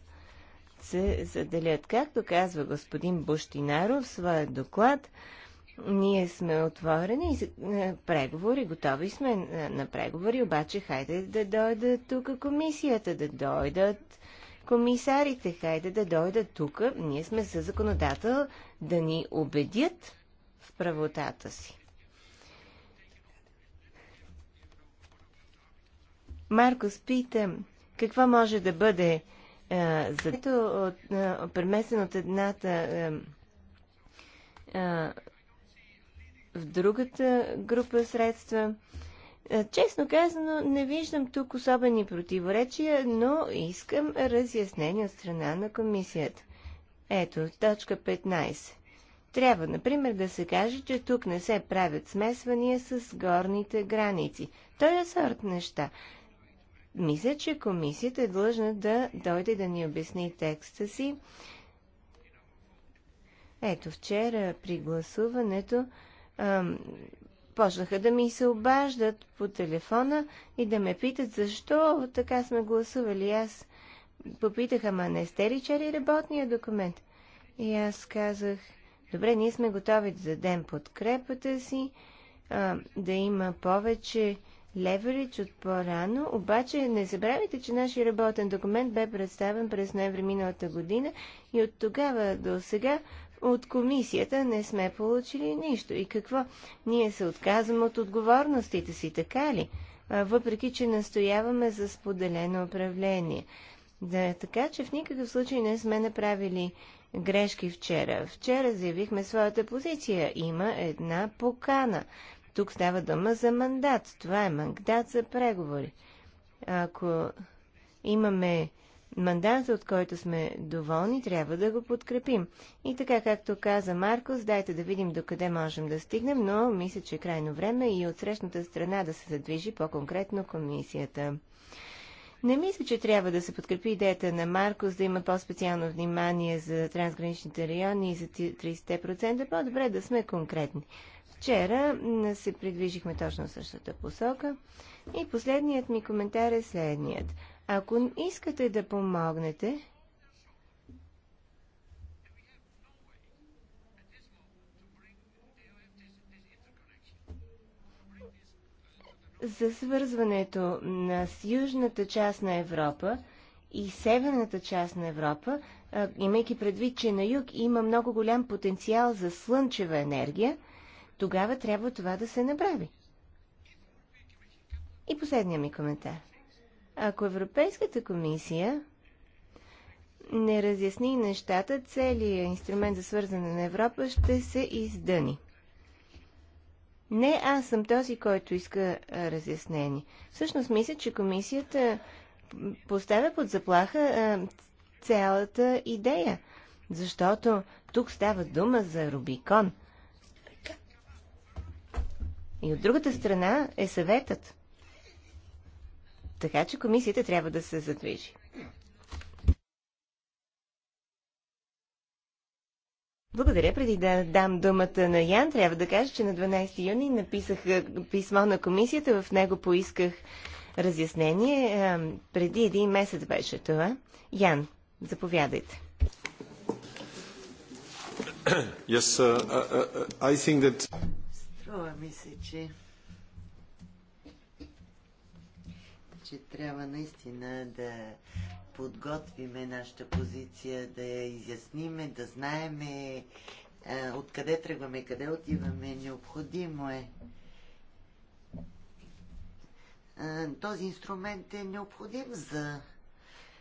се заделят. Както казва господин Буштинаро в своя доклад, ние сме отворени на е, преговори, готови сме е, на преговори, обаче хайде да дойдат тук комисията, да дойдат комисарите, хайде да дойдат тук. Ние сме със законодател да ни убедят в правотата си. Маркос пита, какво може да бъде е, Зато е, премесен от едната е, в другата група средства. Честно казано, не виждам тук особени противоречия, но искам разяснение от страна на комисията. Ето, точка 15. Трябва, например, да се каже, че тук не се правят смесвания с горните граници. Той е сорт неща мисля, че комисията е длъжна да дойде да ни обясни текста си. Ето, вчера при гласуването ам, почнаха да ми се обаждат по телефона и да ме питат защо така сме гласували. Аз попитах, ама не сте ли чели работния документ? И аз казах, добре, ние сме готови да дадем подкрепата си, а, да има повече леверидж от по-рано, обаче не забравяйте, че нашия работен документ бе представен през ноември миналата година и от тогава до сега от комисията не сме получили нищо. И какво? Ние се отказваме от отговорностите си, така ли? Въпреки, че настояваме за споделено управление. Да, така че в никакъв случай не сме направили грешки вчера. Вчера заявихме своята позиция. Има една покана. Тук става дума за мандат. Това е мандат за преговори. Ако имаме мандат, от който сме доволни, трябва да го подкрепим. И така, както каза Маркос, дайте да видим докъде можем да стигнем, но мисля, че е крайно време и от срещната страна да се задвижи по-конкретно комисията. Не мисля, че трябва да се подкрепи идеята на Маркос да има по-специално внимание за трансграничните райони и за 30%. По-добре да сме конкретни. Вчера се придвижихме точно в същата посока. И последният ми коментар е следният. Ако искате да помогнете, за свързването на южната част на Европа и северната част на Европа, имайки предвид, че на юг има много голям потенциал за слънчева енергия – тогава трябва това да се направи. И последния ми коментар. Ако Европейската комисия не разясни нещата, целият инструмент за свързане на Европа ще се издъни. Не аз съм този, който иска разяснение. Всъщност мисля, че комисията поставя под заплаха цялата идея, защото тук става дума за Рубикон – и от другата страна е съветът. Така че комисията трябва да се задвижи. Благодаря. Преди да дам думата на Ян, трябва да кажа, че на 12 юни написах писмо на комисията. В него поисках разяснение. Преди един месец беше това. Ян, заповядайте. Yes, uh, uh, uh I think that... Струва ми се, че че трябва наистина да подготвиме нашата позиция, да я изясниме, да знаеме е, откъде тръгваме, къде отиваме. Необходимо е. е. Този инструмент е необходим за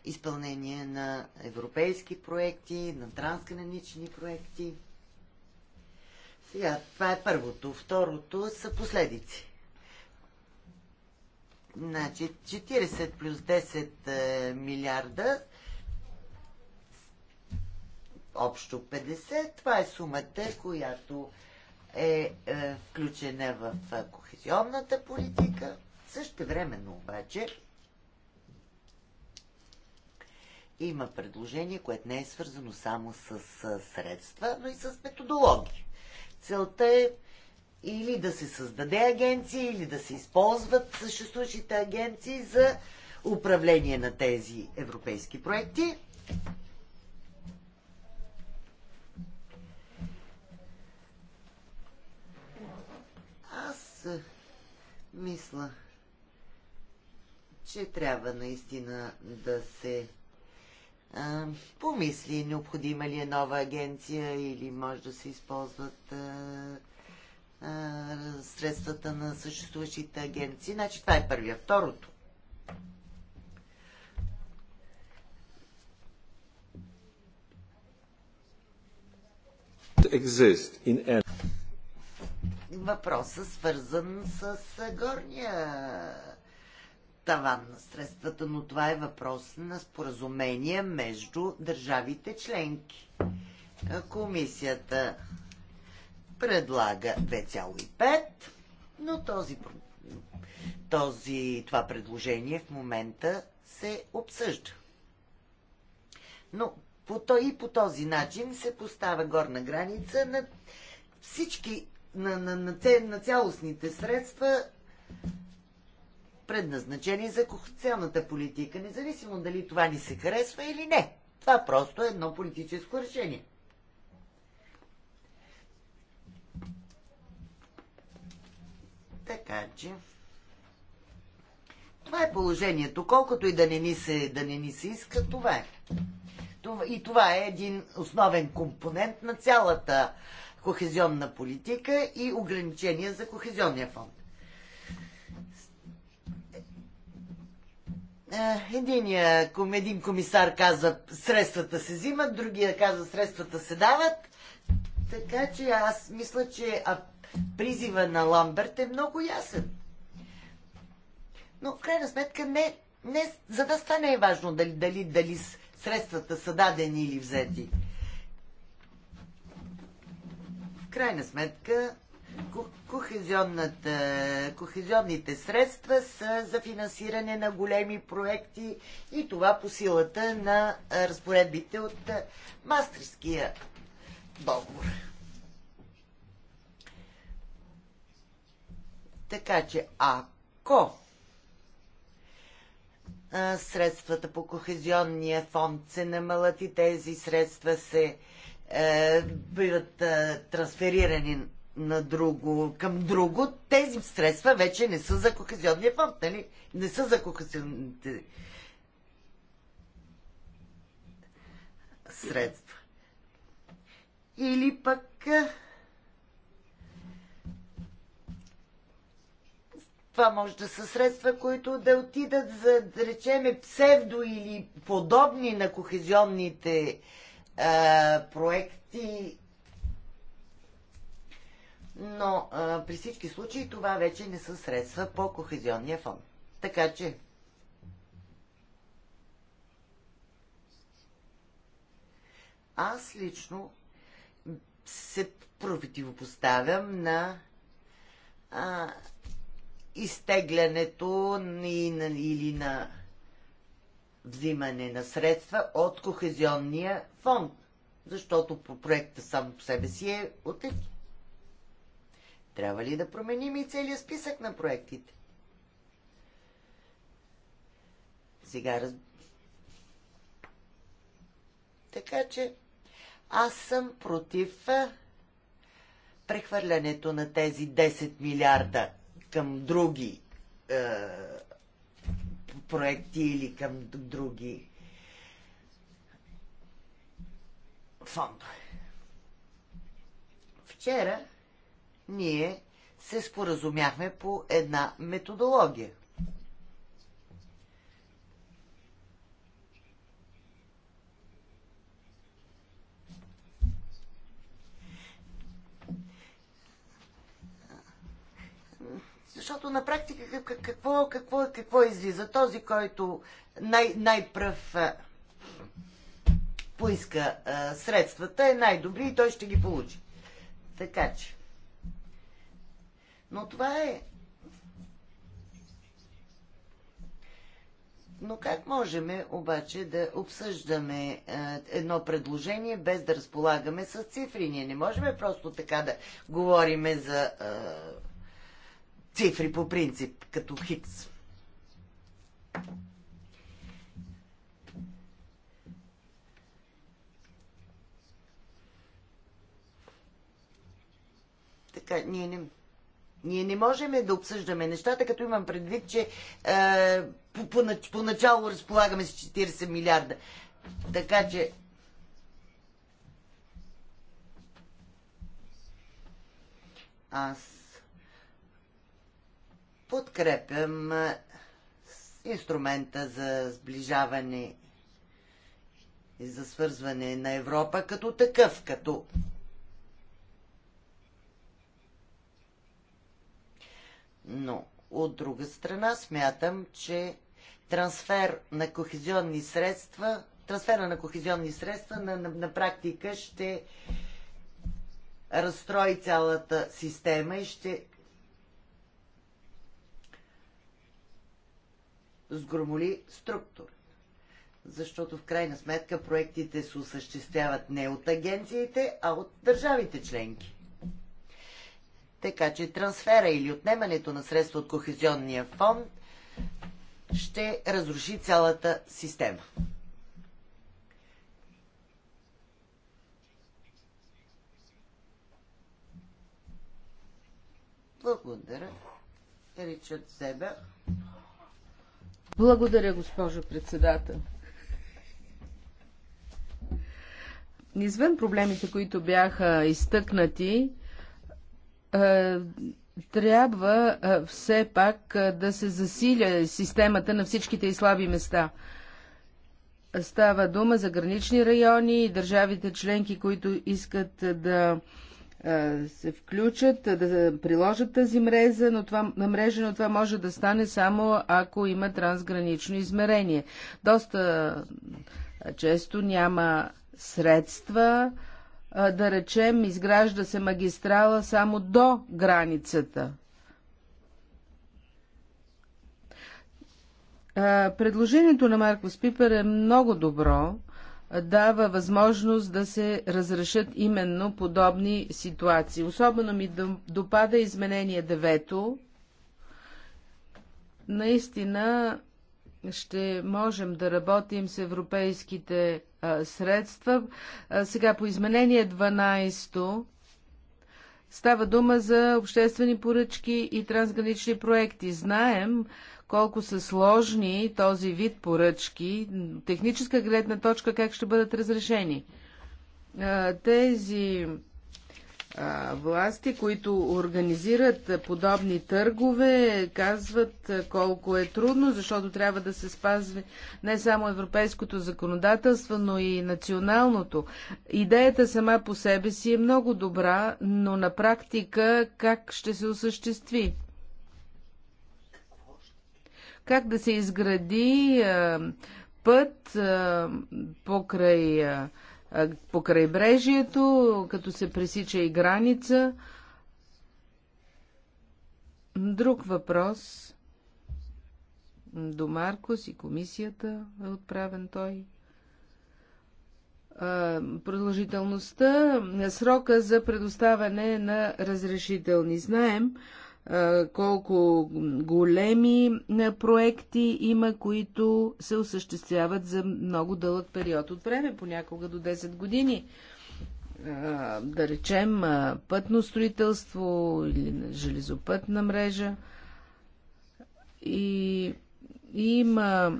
изпълнение на европейски проекти, на трансгранични проекти. Сега, това е първото. Второто са последици. Значи 40 плюс 10 е, милиарда, общо 50, това е сумата, която е, е включена в е, кохезионната политика. Също времено обаче има предложение, което не е свързано само с е, средства, но и с методология. Целта е или да се създаде агенция, или да се използват съществуващите агенции за управление на тези европейски проекти. Аз мисля, че трябва наистина да се а, помисли необходима ли е нова агенция или може да се използват а, а, средствата на съществуващите агенции. Значи това е първия. Второто. exist in Въпросът свързан с горния таван на средствата, но това е въпрос на споразумение между държавите членки. Е, комисията предлага 2,5, но този, този, това предложение в момента се обсъжда. Но по то, и по този начин се поставя горна граница на всички, на, на, на, на цялостните средства предназначени за кохационната политика, независимо дали това ни се харесва или не. Това просто е едно политическо решение. Така че... Това е положението. Колкото и да не ни се, да не ни се иска, това е. и това е един основен компонент на цялата кохезионна политика и ограничения за кохезионния фонд. Е, единия, един комисар каза средствата се взимат, другия каза средствата се дават. Така че аз мисля, че призива на Ламберт е много ясен. Но в крайна сметка не, не за да стане е важно дали, дали, дали средствата са дадени или взети. В крайна сметка кохезионните средства са за финансиране на големи проекти и това по силата на разпоредбите от мастерския договор. Така че ако средствата по кохезионния фонд се намалят и тези средства се биват трансферирани на друго, към друго, тези средства вече не са за кохезионния фонд, нали? Не са за кохезионните средства. Или пък Това може да са средства, които да отидат за, да речеме, псевдо или подобни на кохезионните а, проекти но а, при всички случаи това вече не са средства по Кохезионния фонд. Така че. Аз лично се противопоставям на а, изтеглянето и на, или на взимане на средства от Кохезионния фонд, защото по проекта сам по себе си е отлично. Трябва ли да променим и целият списък на проектите? Сега раз... Така че аз съм против прехвърлянето на тези 10 милиарда към други е, проекти или към други фондове. Вчера ние се споразумяхме по една методология. Защото на практика какво, какво, какво излиза? Този, който най- най-пръв поиска а, средствата, е най-добри и той ще ги получи. Така че. Но това е. Но как можем обаче да обсъждаме е, едно предложение без да разполагаме с цифри? Ние не можем просто така да говориме за е, цифри по принцип, като Хикс. Така, ние не, ние не можем да обсъждаме нещата, като имам предвид, че е, поначало разполагаме с 40 милиарда. Така че. Аз подкрепям е, инструмента за сближаване и за свързване на Европа като такъв, като Но от друга страна смятам, че трансфер на кохезионни средства, трансфера на кохезионни средства на, на, на практика ще разстрои цялата система и ще сгромоли структура. Защото в крайна сметка проектите се осъществяват не от агенциите, а от държавите членки. Така че трансфера или отнемането на средства от Кохезионния фонд ще разруши цялата система. Благодаря. Ричард Себер. Благодаря, госпожо председател. Извън проблемите, които бяха изтъкнати, е, трябва е, все пак е, да се засиля системата на всичките и слаби места. Става дума за гранични райони и държавите членки, които искат да се включат, да приложат тази мрежа, но това, мрежа, но това може да стане само ако има трансгранично измерение. Доста често няма средства, да речем, изгражда се магистрала само до границата. Предложението на Марко Пипер е много добро, дава възможност да се разрешат именно подобни ситуации. Особено ми допада изменение девето. Наистина ще можем да работим с европейските а, средства. А, сега по изменение 12 става дума за обществени поръчки и трансгранични проекти. Знаем колко са сложни този вид поръчки, техническа гледна точка как ще бъдат разрешени. А, тези власти, които организират подобни търгове, казват колко е трудно, защото трябва да се спазва не само европейското законодателство, но и националното. Идеята сама по себе си е много добра, но на практика как ще се осъществи? Как да се изгради път покрай по крайбрежието, като се пресича и граница. Друг въпрос до Маркос и комисията е отправен той. Продължителността, срока за предоставяне на разрешителни. Знаем, колко големи проекти има, които се осъществяват за много дълъг период от време, понякога до 10 години. Да речем пътно строителство или железопътна мрежа. И има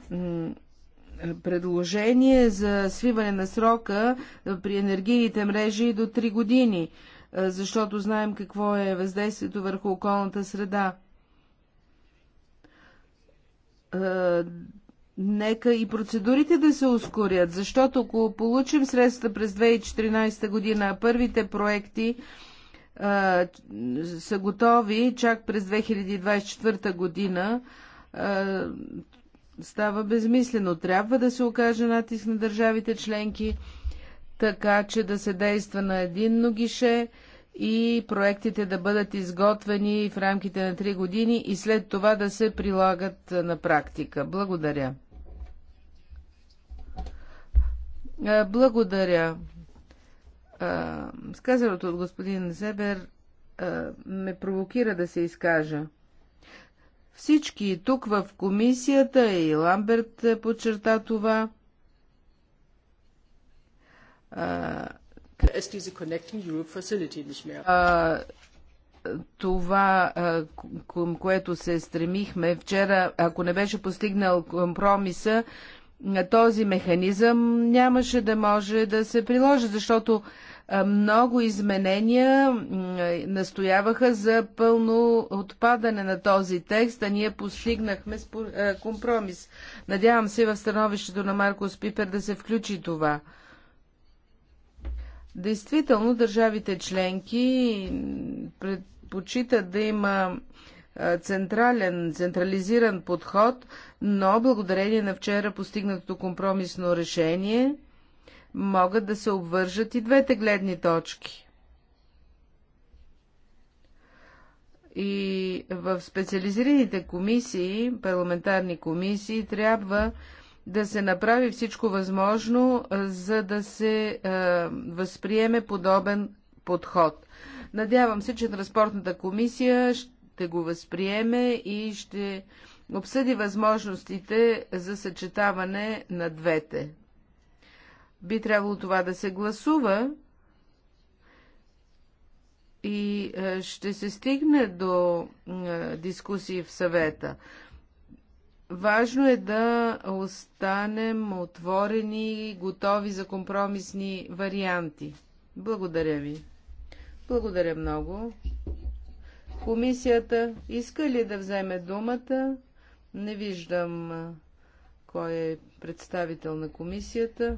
предложение за свиване на срока при енергийните мрежи до 3 години защото знаем какво е въздействието върху околната среда. Нека и процедурите да се ускорят, защото ако получим средства през 2014 година, първите проекти а, са готови чак през 2024 година, а, става безмислено. Трябва да се окаже натиск на държавите членки, така че да се действа на единно гише и проектите да бъдат изготвени в рамките на 3 години и след това да се прилагат на практика. Благодаря. Благодаря. Сказаното от господин Зебер ме провокира да се изкажа. Всички тук в комисията и Ламберт подчерта това mehr. това, към което се стремихме вчера, ако не беше постигнал компромиса, този механизъм нямаше да може да се приложи, защото много изменения настояваха за пълно отпадане на този текст, а ние постигнахме компромис. Надявам се в становището на Маркос Пипер да се включи това. Действително, държавите членки предпочитат да има централен, централизиран подход, но благодарение на вчера постигнатото компромисно решение могат да се обвържат и двете гледни точки. И в специализираните комисии, парламентарни комисии, трябва да се направи всичко възможно, за да се възприеме подобен подход. Надявам се, че Транспортната комисия ще го възприеме и ще обсъди възможностите за съчетаване на двете. Би трябвало това да се гласува и ще се стигне до дискусии в съвета. Важно е да останем отворени готови за компромисни варианти. Благодаря ви. Благодаря много. Комисията иска ли да вземе думата? Не виждам кой е представител на комисията.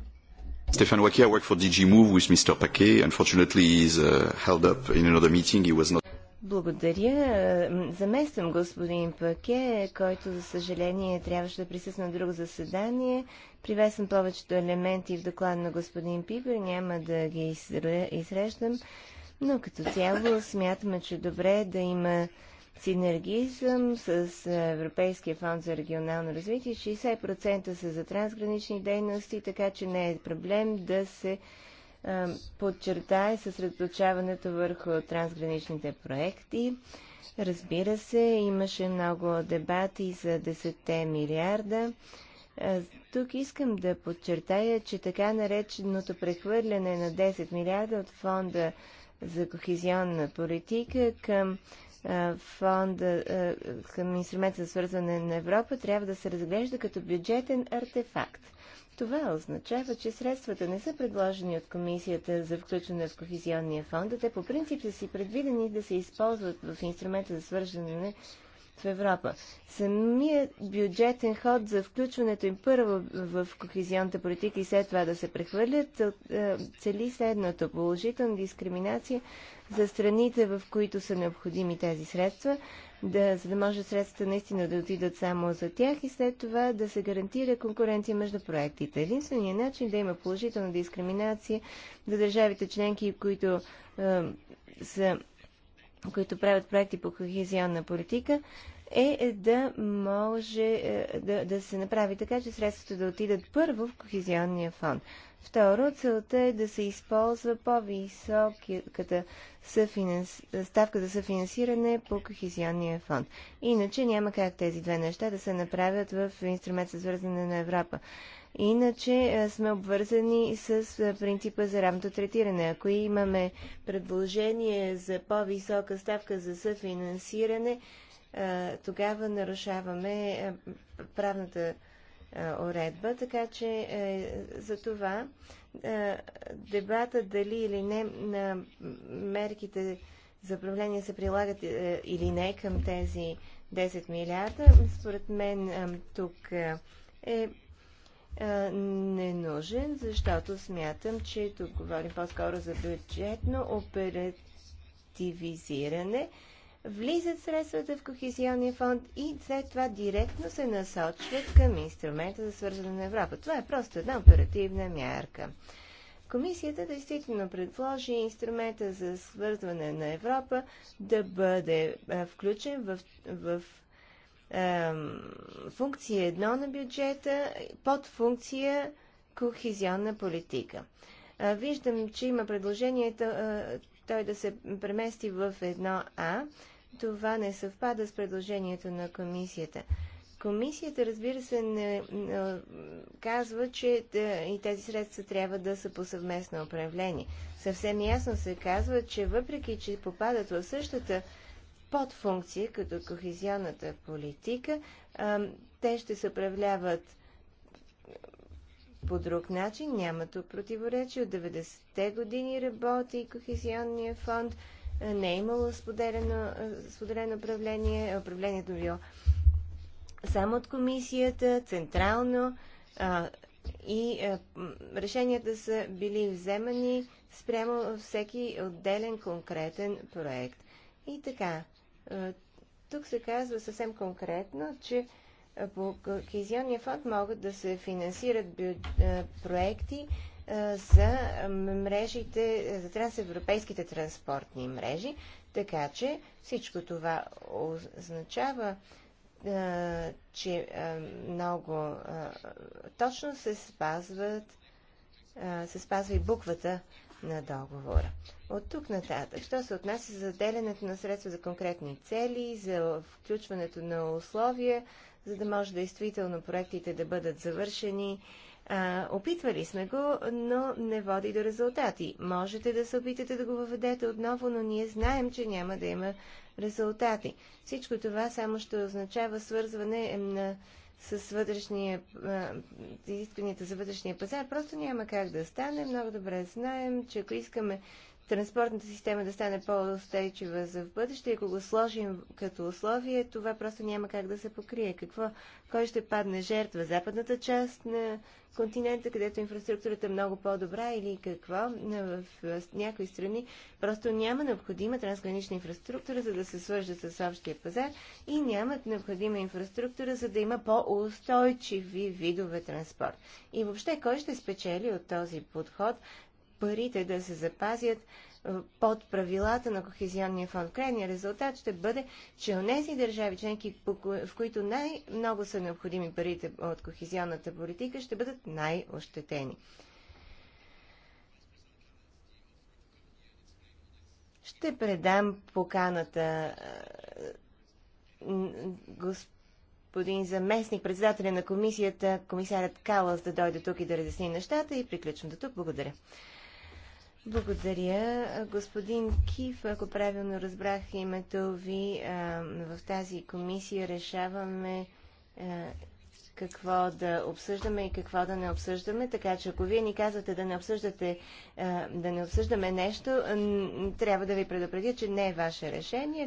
Стефан Wakia work for DG Move with Mr. Paquet. Unfortunately, he is uh, held up in another meeting. He was not благодаря. Замествам господин Паке, който, за съжаление, трябваше да присъства на друго заседание. Привесвам повечето елементи в доклад на господин Пипер, няма да ги изреждам, но като цяло смятаме, че добре е да има синергизъм с Европейския фонд за регионално развитие. 60% са за трансгранични дейности, така че не е проблем да се е, подчертае съсредоточаването върху трансграничните проекти. Разбира се, имаше много дебати за 10 милиарда. Е, тук искам да подчертая, че така нареченото прехвърляне на 10 милиарда от фонда за кохезионна политика към е, фонда, към инструмента за свързване на Европа трябва да се разглежда като бюджетен артефакт. Това означава, че средствата не са предложени от комисията за включване в кофизионния фонд, а те по принцип са си предвидени да се използват в инструмента за свърждане в Европа. Самият бюджетен ход за включването им първо в кохезионната политика и след това да се прехвърлят е, цели следното положителна дискриминация за страните, в които са необходими тези средства да, за да може средствата наистина да отидат само за тях и след това да се гарантира конкуренция между проектите. Единственият начин да има положителна дискриминация за държавите членки, които, е, са, които правят проекти по кохезионна политика, е да може е, да, да се направи така, че средствата да отидат първо в Кохезионния фонд. Второ, целта е да се използва по-високата съфинанс... ставка за съфинансиране по Кохезионния фонд. Иначе няма как тези две неща да се направят в инструмент за свързане на Европа. Иначе сме обвързани с принципа за равното третиране. Ако имаме предложение за по-висока ставка за съфинансиране, тогава нарушаваме правната е, уредба, така че е, за това е, дебата дали или не на мерките за управление се прилагат или не към тези 10 милиарда, според мен тук е ненужен, защото смятам, че тук говорим по-скоро за бюджетно оперативизиране влизат средствата в Кохезионния фонд и след това директно се насочват към инструмента за свързване на Европа. Това е просто една оперативна мярка. Комисията действително предложи инструмента за свързване на Европа да бъде включен в, в функция едно на бюджета под функция кохезионна политика. А, виждам, че има предложението той да се премести в едно а това не съвпада с предложението на комисията. Комисията, разбира се, не, не, казва, че да, и тези средства трябва да са по съвместно управление. Съвсем ясно се казва, че въпреки, че попадат в същата подфункция, като кохезионната политика, а, те ще се управляват по друг начин. Няма противоречие. От 90-те години работи Кохезионния фонд. Е, не е имало споделено, е, споделено управление, е, управлението било само от комисията, централно а, и а, решенията са били вземани спрямо всеки отделен конкретен проект. И така, а, тук се казва съвсем конкретно, че по Кохезионния фонд могат да се финансират бю... проекти за мрежите, за трансевропейските транспортни мрежи, така че всичко това означава, че много точно се спазват се спазва и буквата на договора. От тук нататък, що се отнася за делянето на средства за конкретни цели, за включването на условия, за да може действително проектите да бъдат завършени, а, опитвали сме го, но не води до резултати. Можете да се опитате да го въведете отново, но ние знаем, че няма да има резултати. Всичко това само ще означава свързване на с вътрешния, изискванията за вътрешния пазар. Просто няма как да стане. Много добре знаем, че ако искаме транспортната система да стане по-устойчива за в бъдеще, ако го сложим като условие, това просто няма как да се покрие. Какво? Кой ще падне жертва? Западната част на континента, където инфраструктурата е много по-добра или какво? В някои страни просто няма необходима трансгранична инфраструктура, за да се свържат с общия пазар и нямат необходима инфраструктура, за да има по-устойчиви видове транспорт. И въобще, кой ще спечели от този подход парите да се запазят е, под правилата на Кохезионния фонд. Крайният резултат ще бъде, че тези държави членки, в които най-много са необходими парите от Кохезионната политика, ще бъдат най-ощетени. Ще предам поканата е, господин заместник, председателя на комисията, комисарят Калас да дойде тук и да разясни нещата и приключвам до тук. Благодаря. Благодаря. Господин Киф, ако правилно разбрах името ви, в тази комисия решаваме какво да обсъждаме и какво да не обсъждаме, така че ако вие ни казвате да не обсъждате, да не обсъждаме нещо, трябва да ви предупредя, че не е ваше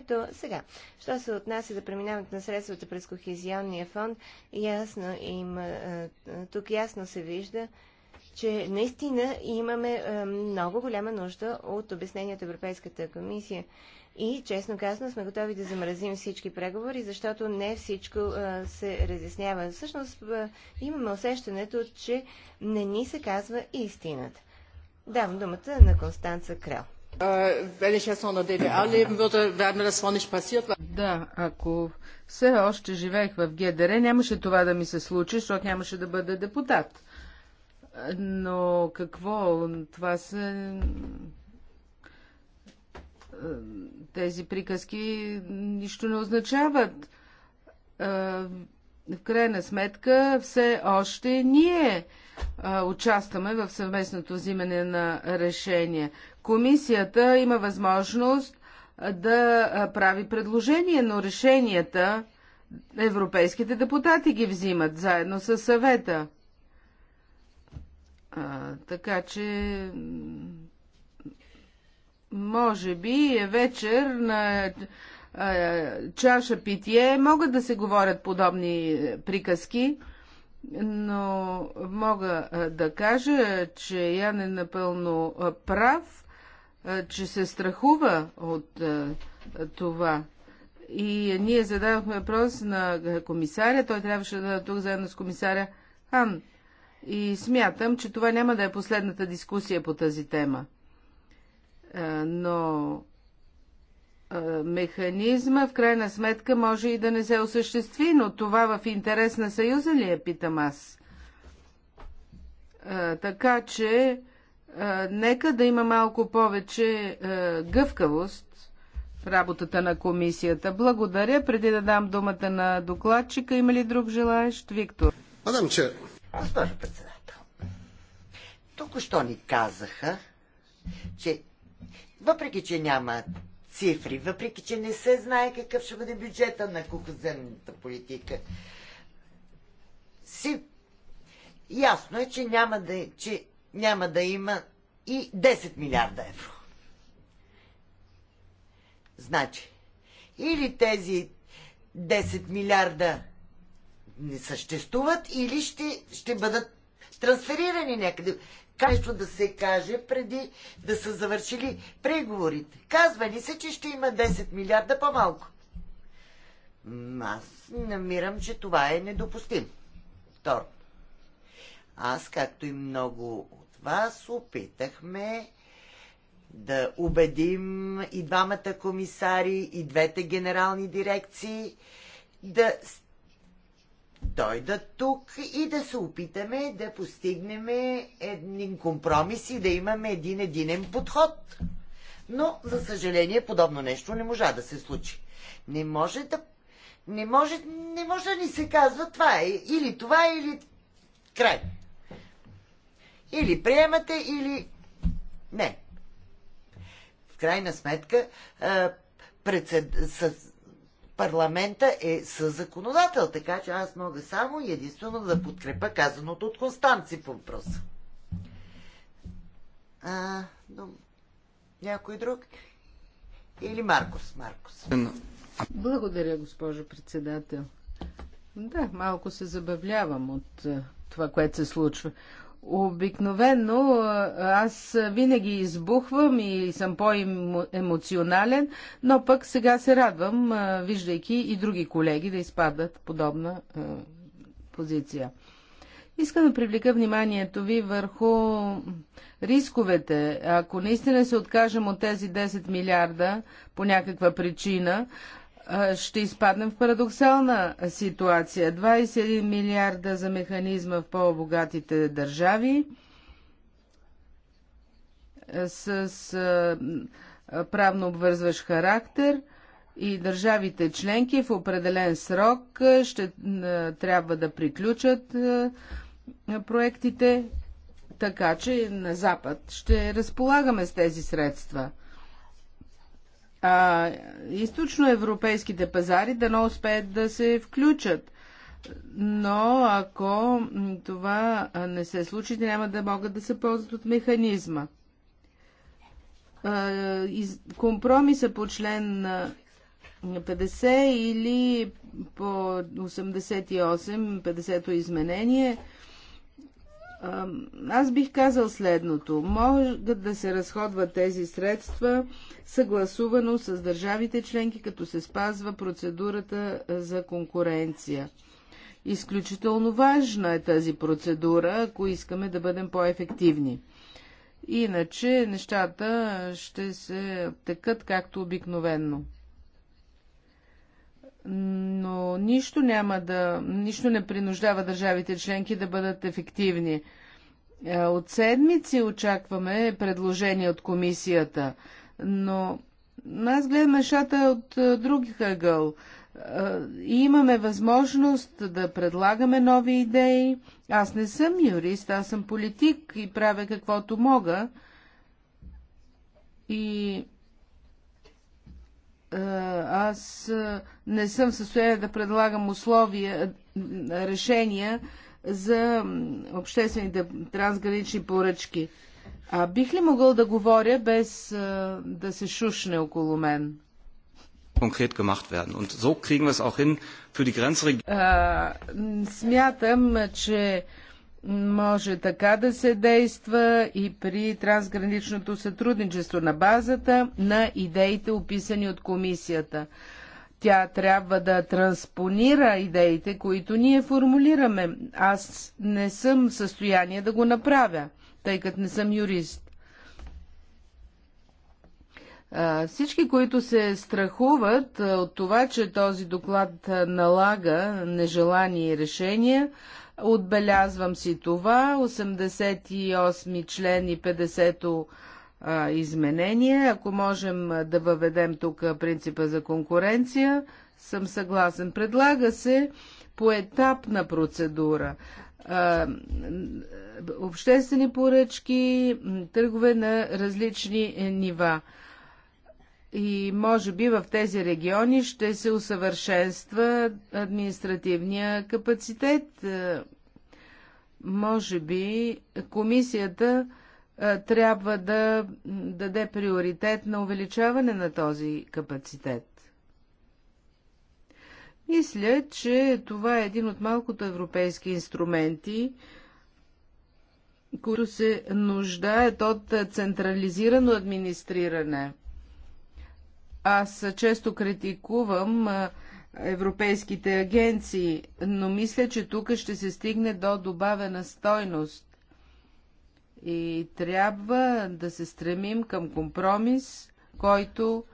То Сега, що се отнася за преминаването на средствата през Кохезионния фонд, ясно има, тук ясно се вижда, че наистина имаме е, много голяма нужда от обяснение от Европейската комисия. И, честно казано, сме готови да замразим всички преговори, защото не всичко а, е, се разяснява. Всъщност, а, е, имаме усещането, че не ни се казва истината. Давам думата на Констанца Крел. Да, ако все още живеех в ГДР, нямаше това да ми се случи, защото нямаше да бъда депутат. Но какво? Това са е, тези приказки нищо не означават. Е, в крайна сметка, все още ние е, участваме в съвместното взимане на решения. Комисията има възможност да прави предложение, но решенията европейските депутати ги взимат заедно с съвета. А, така че, може би е вечер на а, чаша питие могат да се говорят подобни е, приказки, но мога да кажа, че Ян е напълно прав, че се страхува от това. И ние зададохме въпрос на комисаря, той трябваше да е тук заедно с комисаря Хан и смятам, че това няма да е последната дискусия по тази тема. Но механизма в крайна сметка може и да не се осъществи, но това в интерес на Съюза ли е, питам аз. Така че, нека да има малко повече гъвкавост в работата на комисията. Благодаря. Преди да дам думата на докладчика, има ли друг желаещ? Виктор. Мадам Че, Госпожо председател, току-що ни казаха, че въпреки, че няма цифри, въпреки, че не се знае какъв ще бъде бюджета на кукоземната политика, си ясно е, че няма да, че няма да има и 10 милиарда евро. Значи, или тези 10 милиарда не съществуват или ще, ще бъдат трансферирани някъде. Нещо да се каже преди да са завършили преговорите. Казва ни се, че ще има 10 милиарда по-малко. Аз намирам, че това е недопустимо. Второ. Аз, както и много от вас, опитахме да убедим и двамата комисари, и двете генерални дирекции да дойдат тук и да се опитаме да постигнем един компромис и да имаме един единен подход. Но, за съжаление, подобно нещо не можа да се случи. Не може да не може, не може да ни се казва това е или това е, или край. Или приемате, или не. В крайна сметка, председ парламента е със законодател. така че аз мога само и единствено да подкрепа казаното от Констанци по въпроса. А, но... Някой друг? Или Маркос? Маркос. Благодаря, госпожо председател. Да, малко се забавлявам от това, което се случва. Обикновено аз винаги избухвам и съм по-емоционален, но пък сега се радвам, виждайки и други колеги да изпадат подобна позиция. Искам да привлека вниманието ви върху рисковете. Ако наистина се откажем от тези 10 милиарда по някаква причина, ще изпаднем в парадоксална ситуация. 21 милиарда за механизма в по-богатите държави с правно обвързващ характер и държавите членки в определен срок ще трябва да приключат проектите, така че на Запад ще разполагаме с тези средства – а, източноевропейските пазари да не успеят да се включат. Но ако това не се случи, няма да могат да се ползват от механизма. Компромиса по член 50 или по 88, 50-то изменение – аз бих казал следното. Могат да се разходват тези средства съгласувано с държавите членки, като се спазва процедурата е, за конкуренция. Изключително важна е тази процедура, ако искаме да бъдем по-ефективни. Иначе нещата ще се текат както обикновенно но нищо няма да, нищо не принуждава държавите членки да бъдат ефективни. Е, от седмици очакваме предложение от комисията, но аз гледам нещата от е, други хъгъл. И е, имаме възможност да предлагаме нови идеи. Аз не съм юрист, аз съм политик и правя каквото мога. И е, аз е, не съм в състояние да предлагам условия, е, решения за обществените трансгранични поръчки. А бих ли могъл да говоря без да се шушне около мен? конкрет gemacht werden. Und so kriegen wir es auch hin für die Grenzregion. Grenzregionen. Смятам, че може така да се действа и при трансграничното сътрудничество на базата на идеите, описани от комисията. Тя трябва да транспонира идеите, които ние формулираме. Аз не съм в състояние да го направя, тъй като не съм юрист. Всички, които се страхуват от това, че този доклад налага нежелани решения, Отбелязвам си това. 88 член и 50-то изменение. Ако можем да въведем тук принципа за конкуренция, съм съгласен. Предлага се поетапна процедура. обществени поръчки, търгове на различни е, нива и може би в тези региони ще се усъвършенства административния капацитет. Е, може би комисията е, трябва да даде приоритет на увеличаване на този капацитет. Мисля, че това е един от малкото европейски инструменти, които се нуждаят от централизирано администриране. Аз често критикувам европейските агенции, но мисля, че тук ще се стигне до добавена стойност. И трябва да се стремим към компромис, който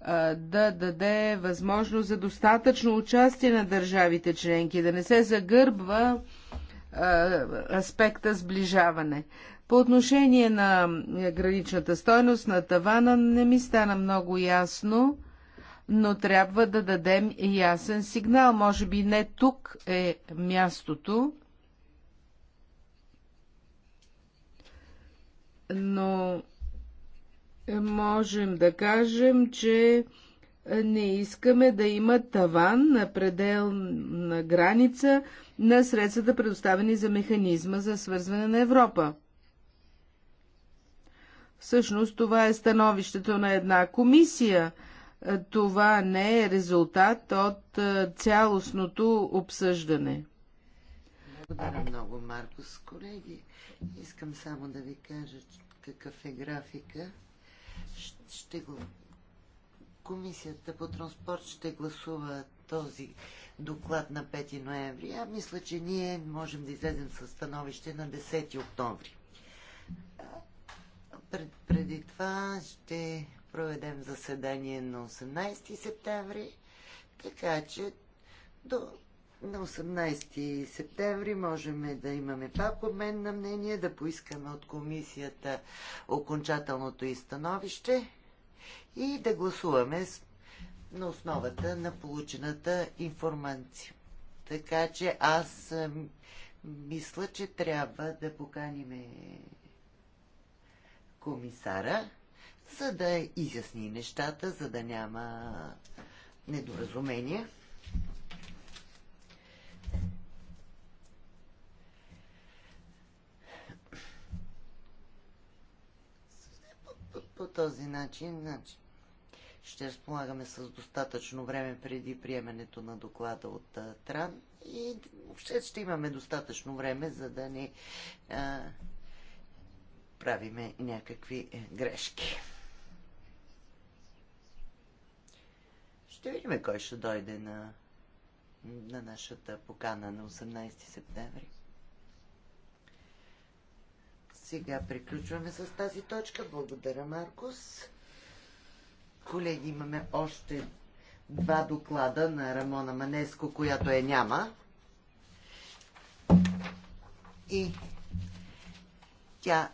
а, да даде възможност за достатъчно участие на държавите членки, да не се загърбва а, аспекта сближаване. По отношение на е, граничната стойност на тавана не ми стана много ясно, но трябва да дадем ясен сигнал. Може би не тук е мястото, но е, можем да кажем, че е, не искаме да има таван на пределна граница на средствата, предоставени за механизма за свързване на Европа. Всъщност това е становището на една комисия. Е, това не е резултат от е, цялостното обсъждане. Благодаря много, Маркос. Колеги, искам само да ви кажа какъв е графика. Ще го... Комисията по транспорт ще гласува този доклад на 5 ноември. А мисля, че ние можем да излезем със становище на 10 октомври. Пред, преди това ще проведем заседание на 18 септември, така че до на 18 септември можем да имаме пак обмен на мнение, да поискаме от комисията окончателното изстановище и да гласуваме на основата на получената информация. Така че аз мисля, че трябва да поканим комисара, за да изясни нещата, за да няма недоразумения. По, този начин, начин ще разполагаме с достатъчно време преди приемането на доклада от а, Тран и въобще ще имаме достатъчно време, за да не а, правиме някакви е, грешки. Ще видим кой ще дойде на, на нашата покана на 18 септември. Сега приключваме с тази точка. Благодаря, Маркус. Колеги, имаме още два доклада на Рамона Манеско, която е няма. И тя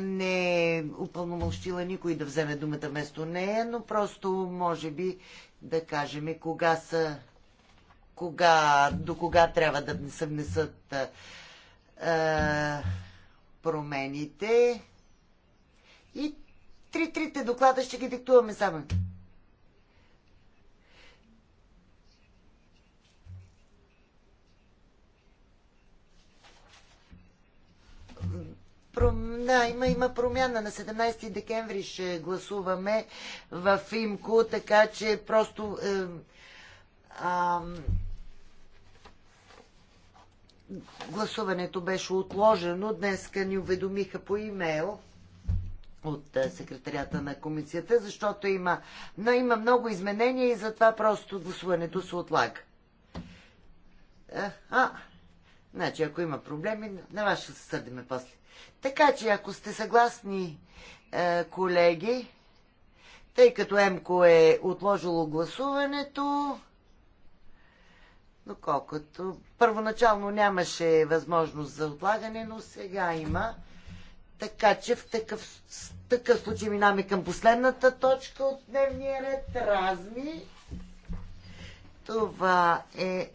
не е упълномощила никой да вземе думата вместо нея, но просто може би да кажем кога са кога, до кога трябва да се внесат а, промените. И три-трите доклада ще ги диктуваме само. Да, има, има промяна. На 17 декември ще гласуваме в ИМКО, така че просто е, а, гласуването беше отложено. Днеска ни уведомиха по имейл от е, секретарята на комисията, защото има, но има много изменения и затова просто гласуването се отлага. А, е, а, значи ако има проблеми, на вас ще се сърдиме после. Така че, ако сте съгласни, е, колеги, тъй като Емко е отложило гласуването, доколкото първоначално нямаше възможност за отлагане, но сега има. Така че в такъв, такъв случай минаме към последната точка от дневния ред. Разми. Това е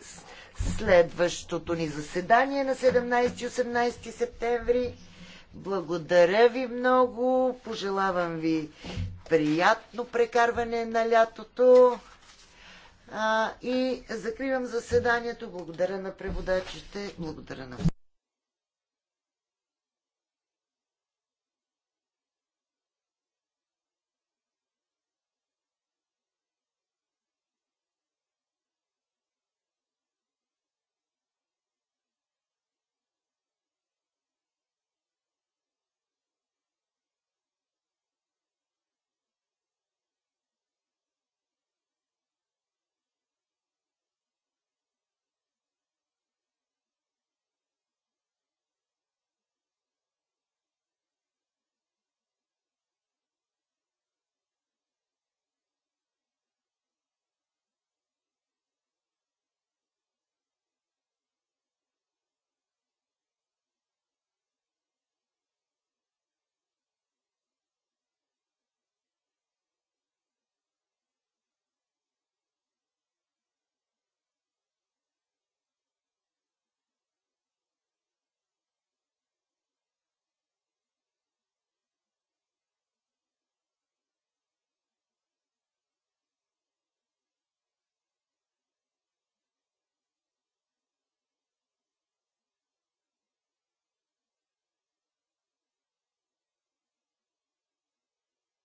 следващото ни заседание на 17-18 септември. Благодаря ви много. Пожелавам ви приятно прекарване на лятото. А, и закривам заседанието. Благодаря на преводачите. Благодаря на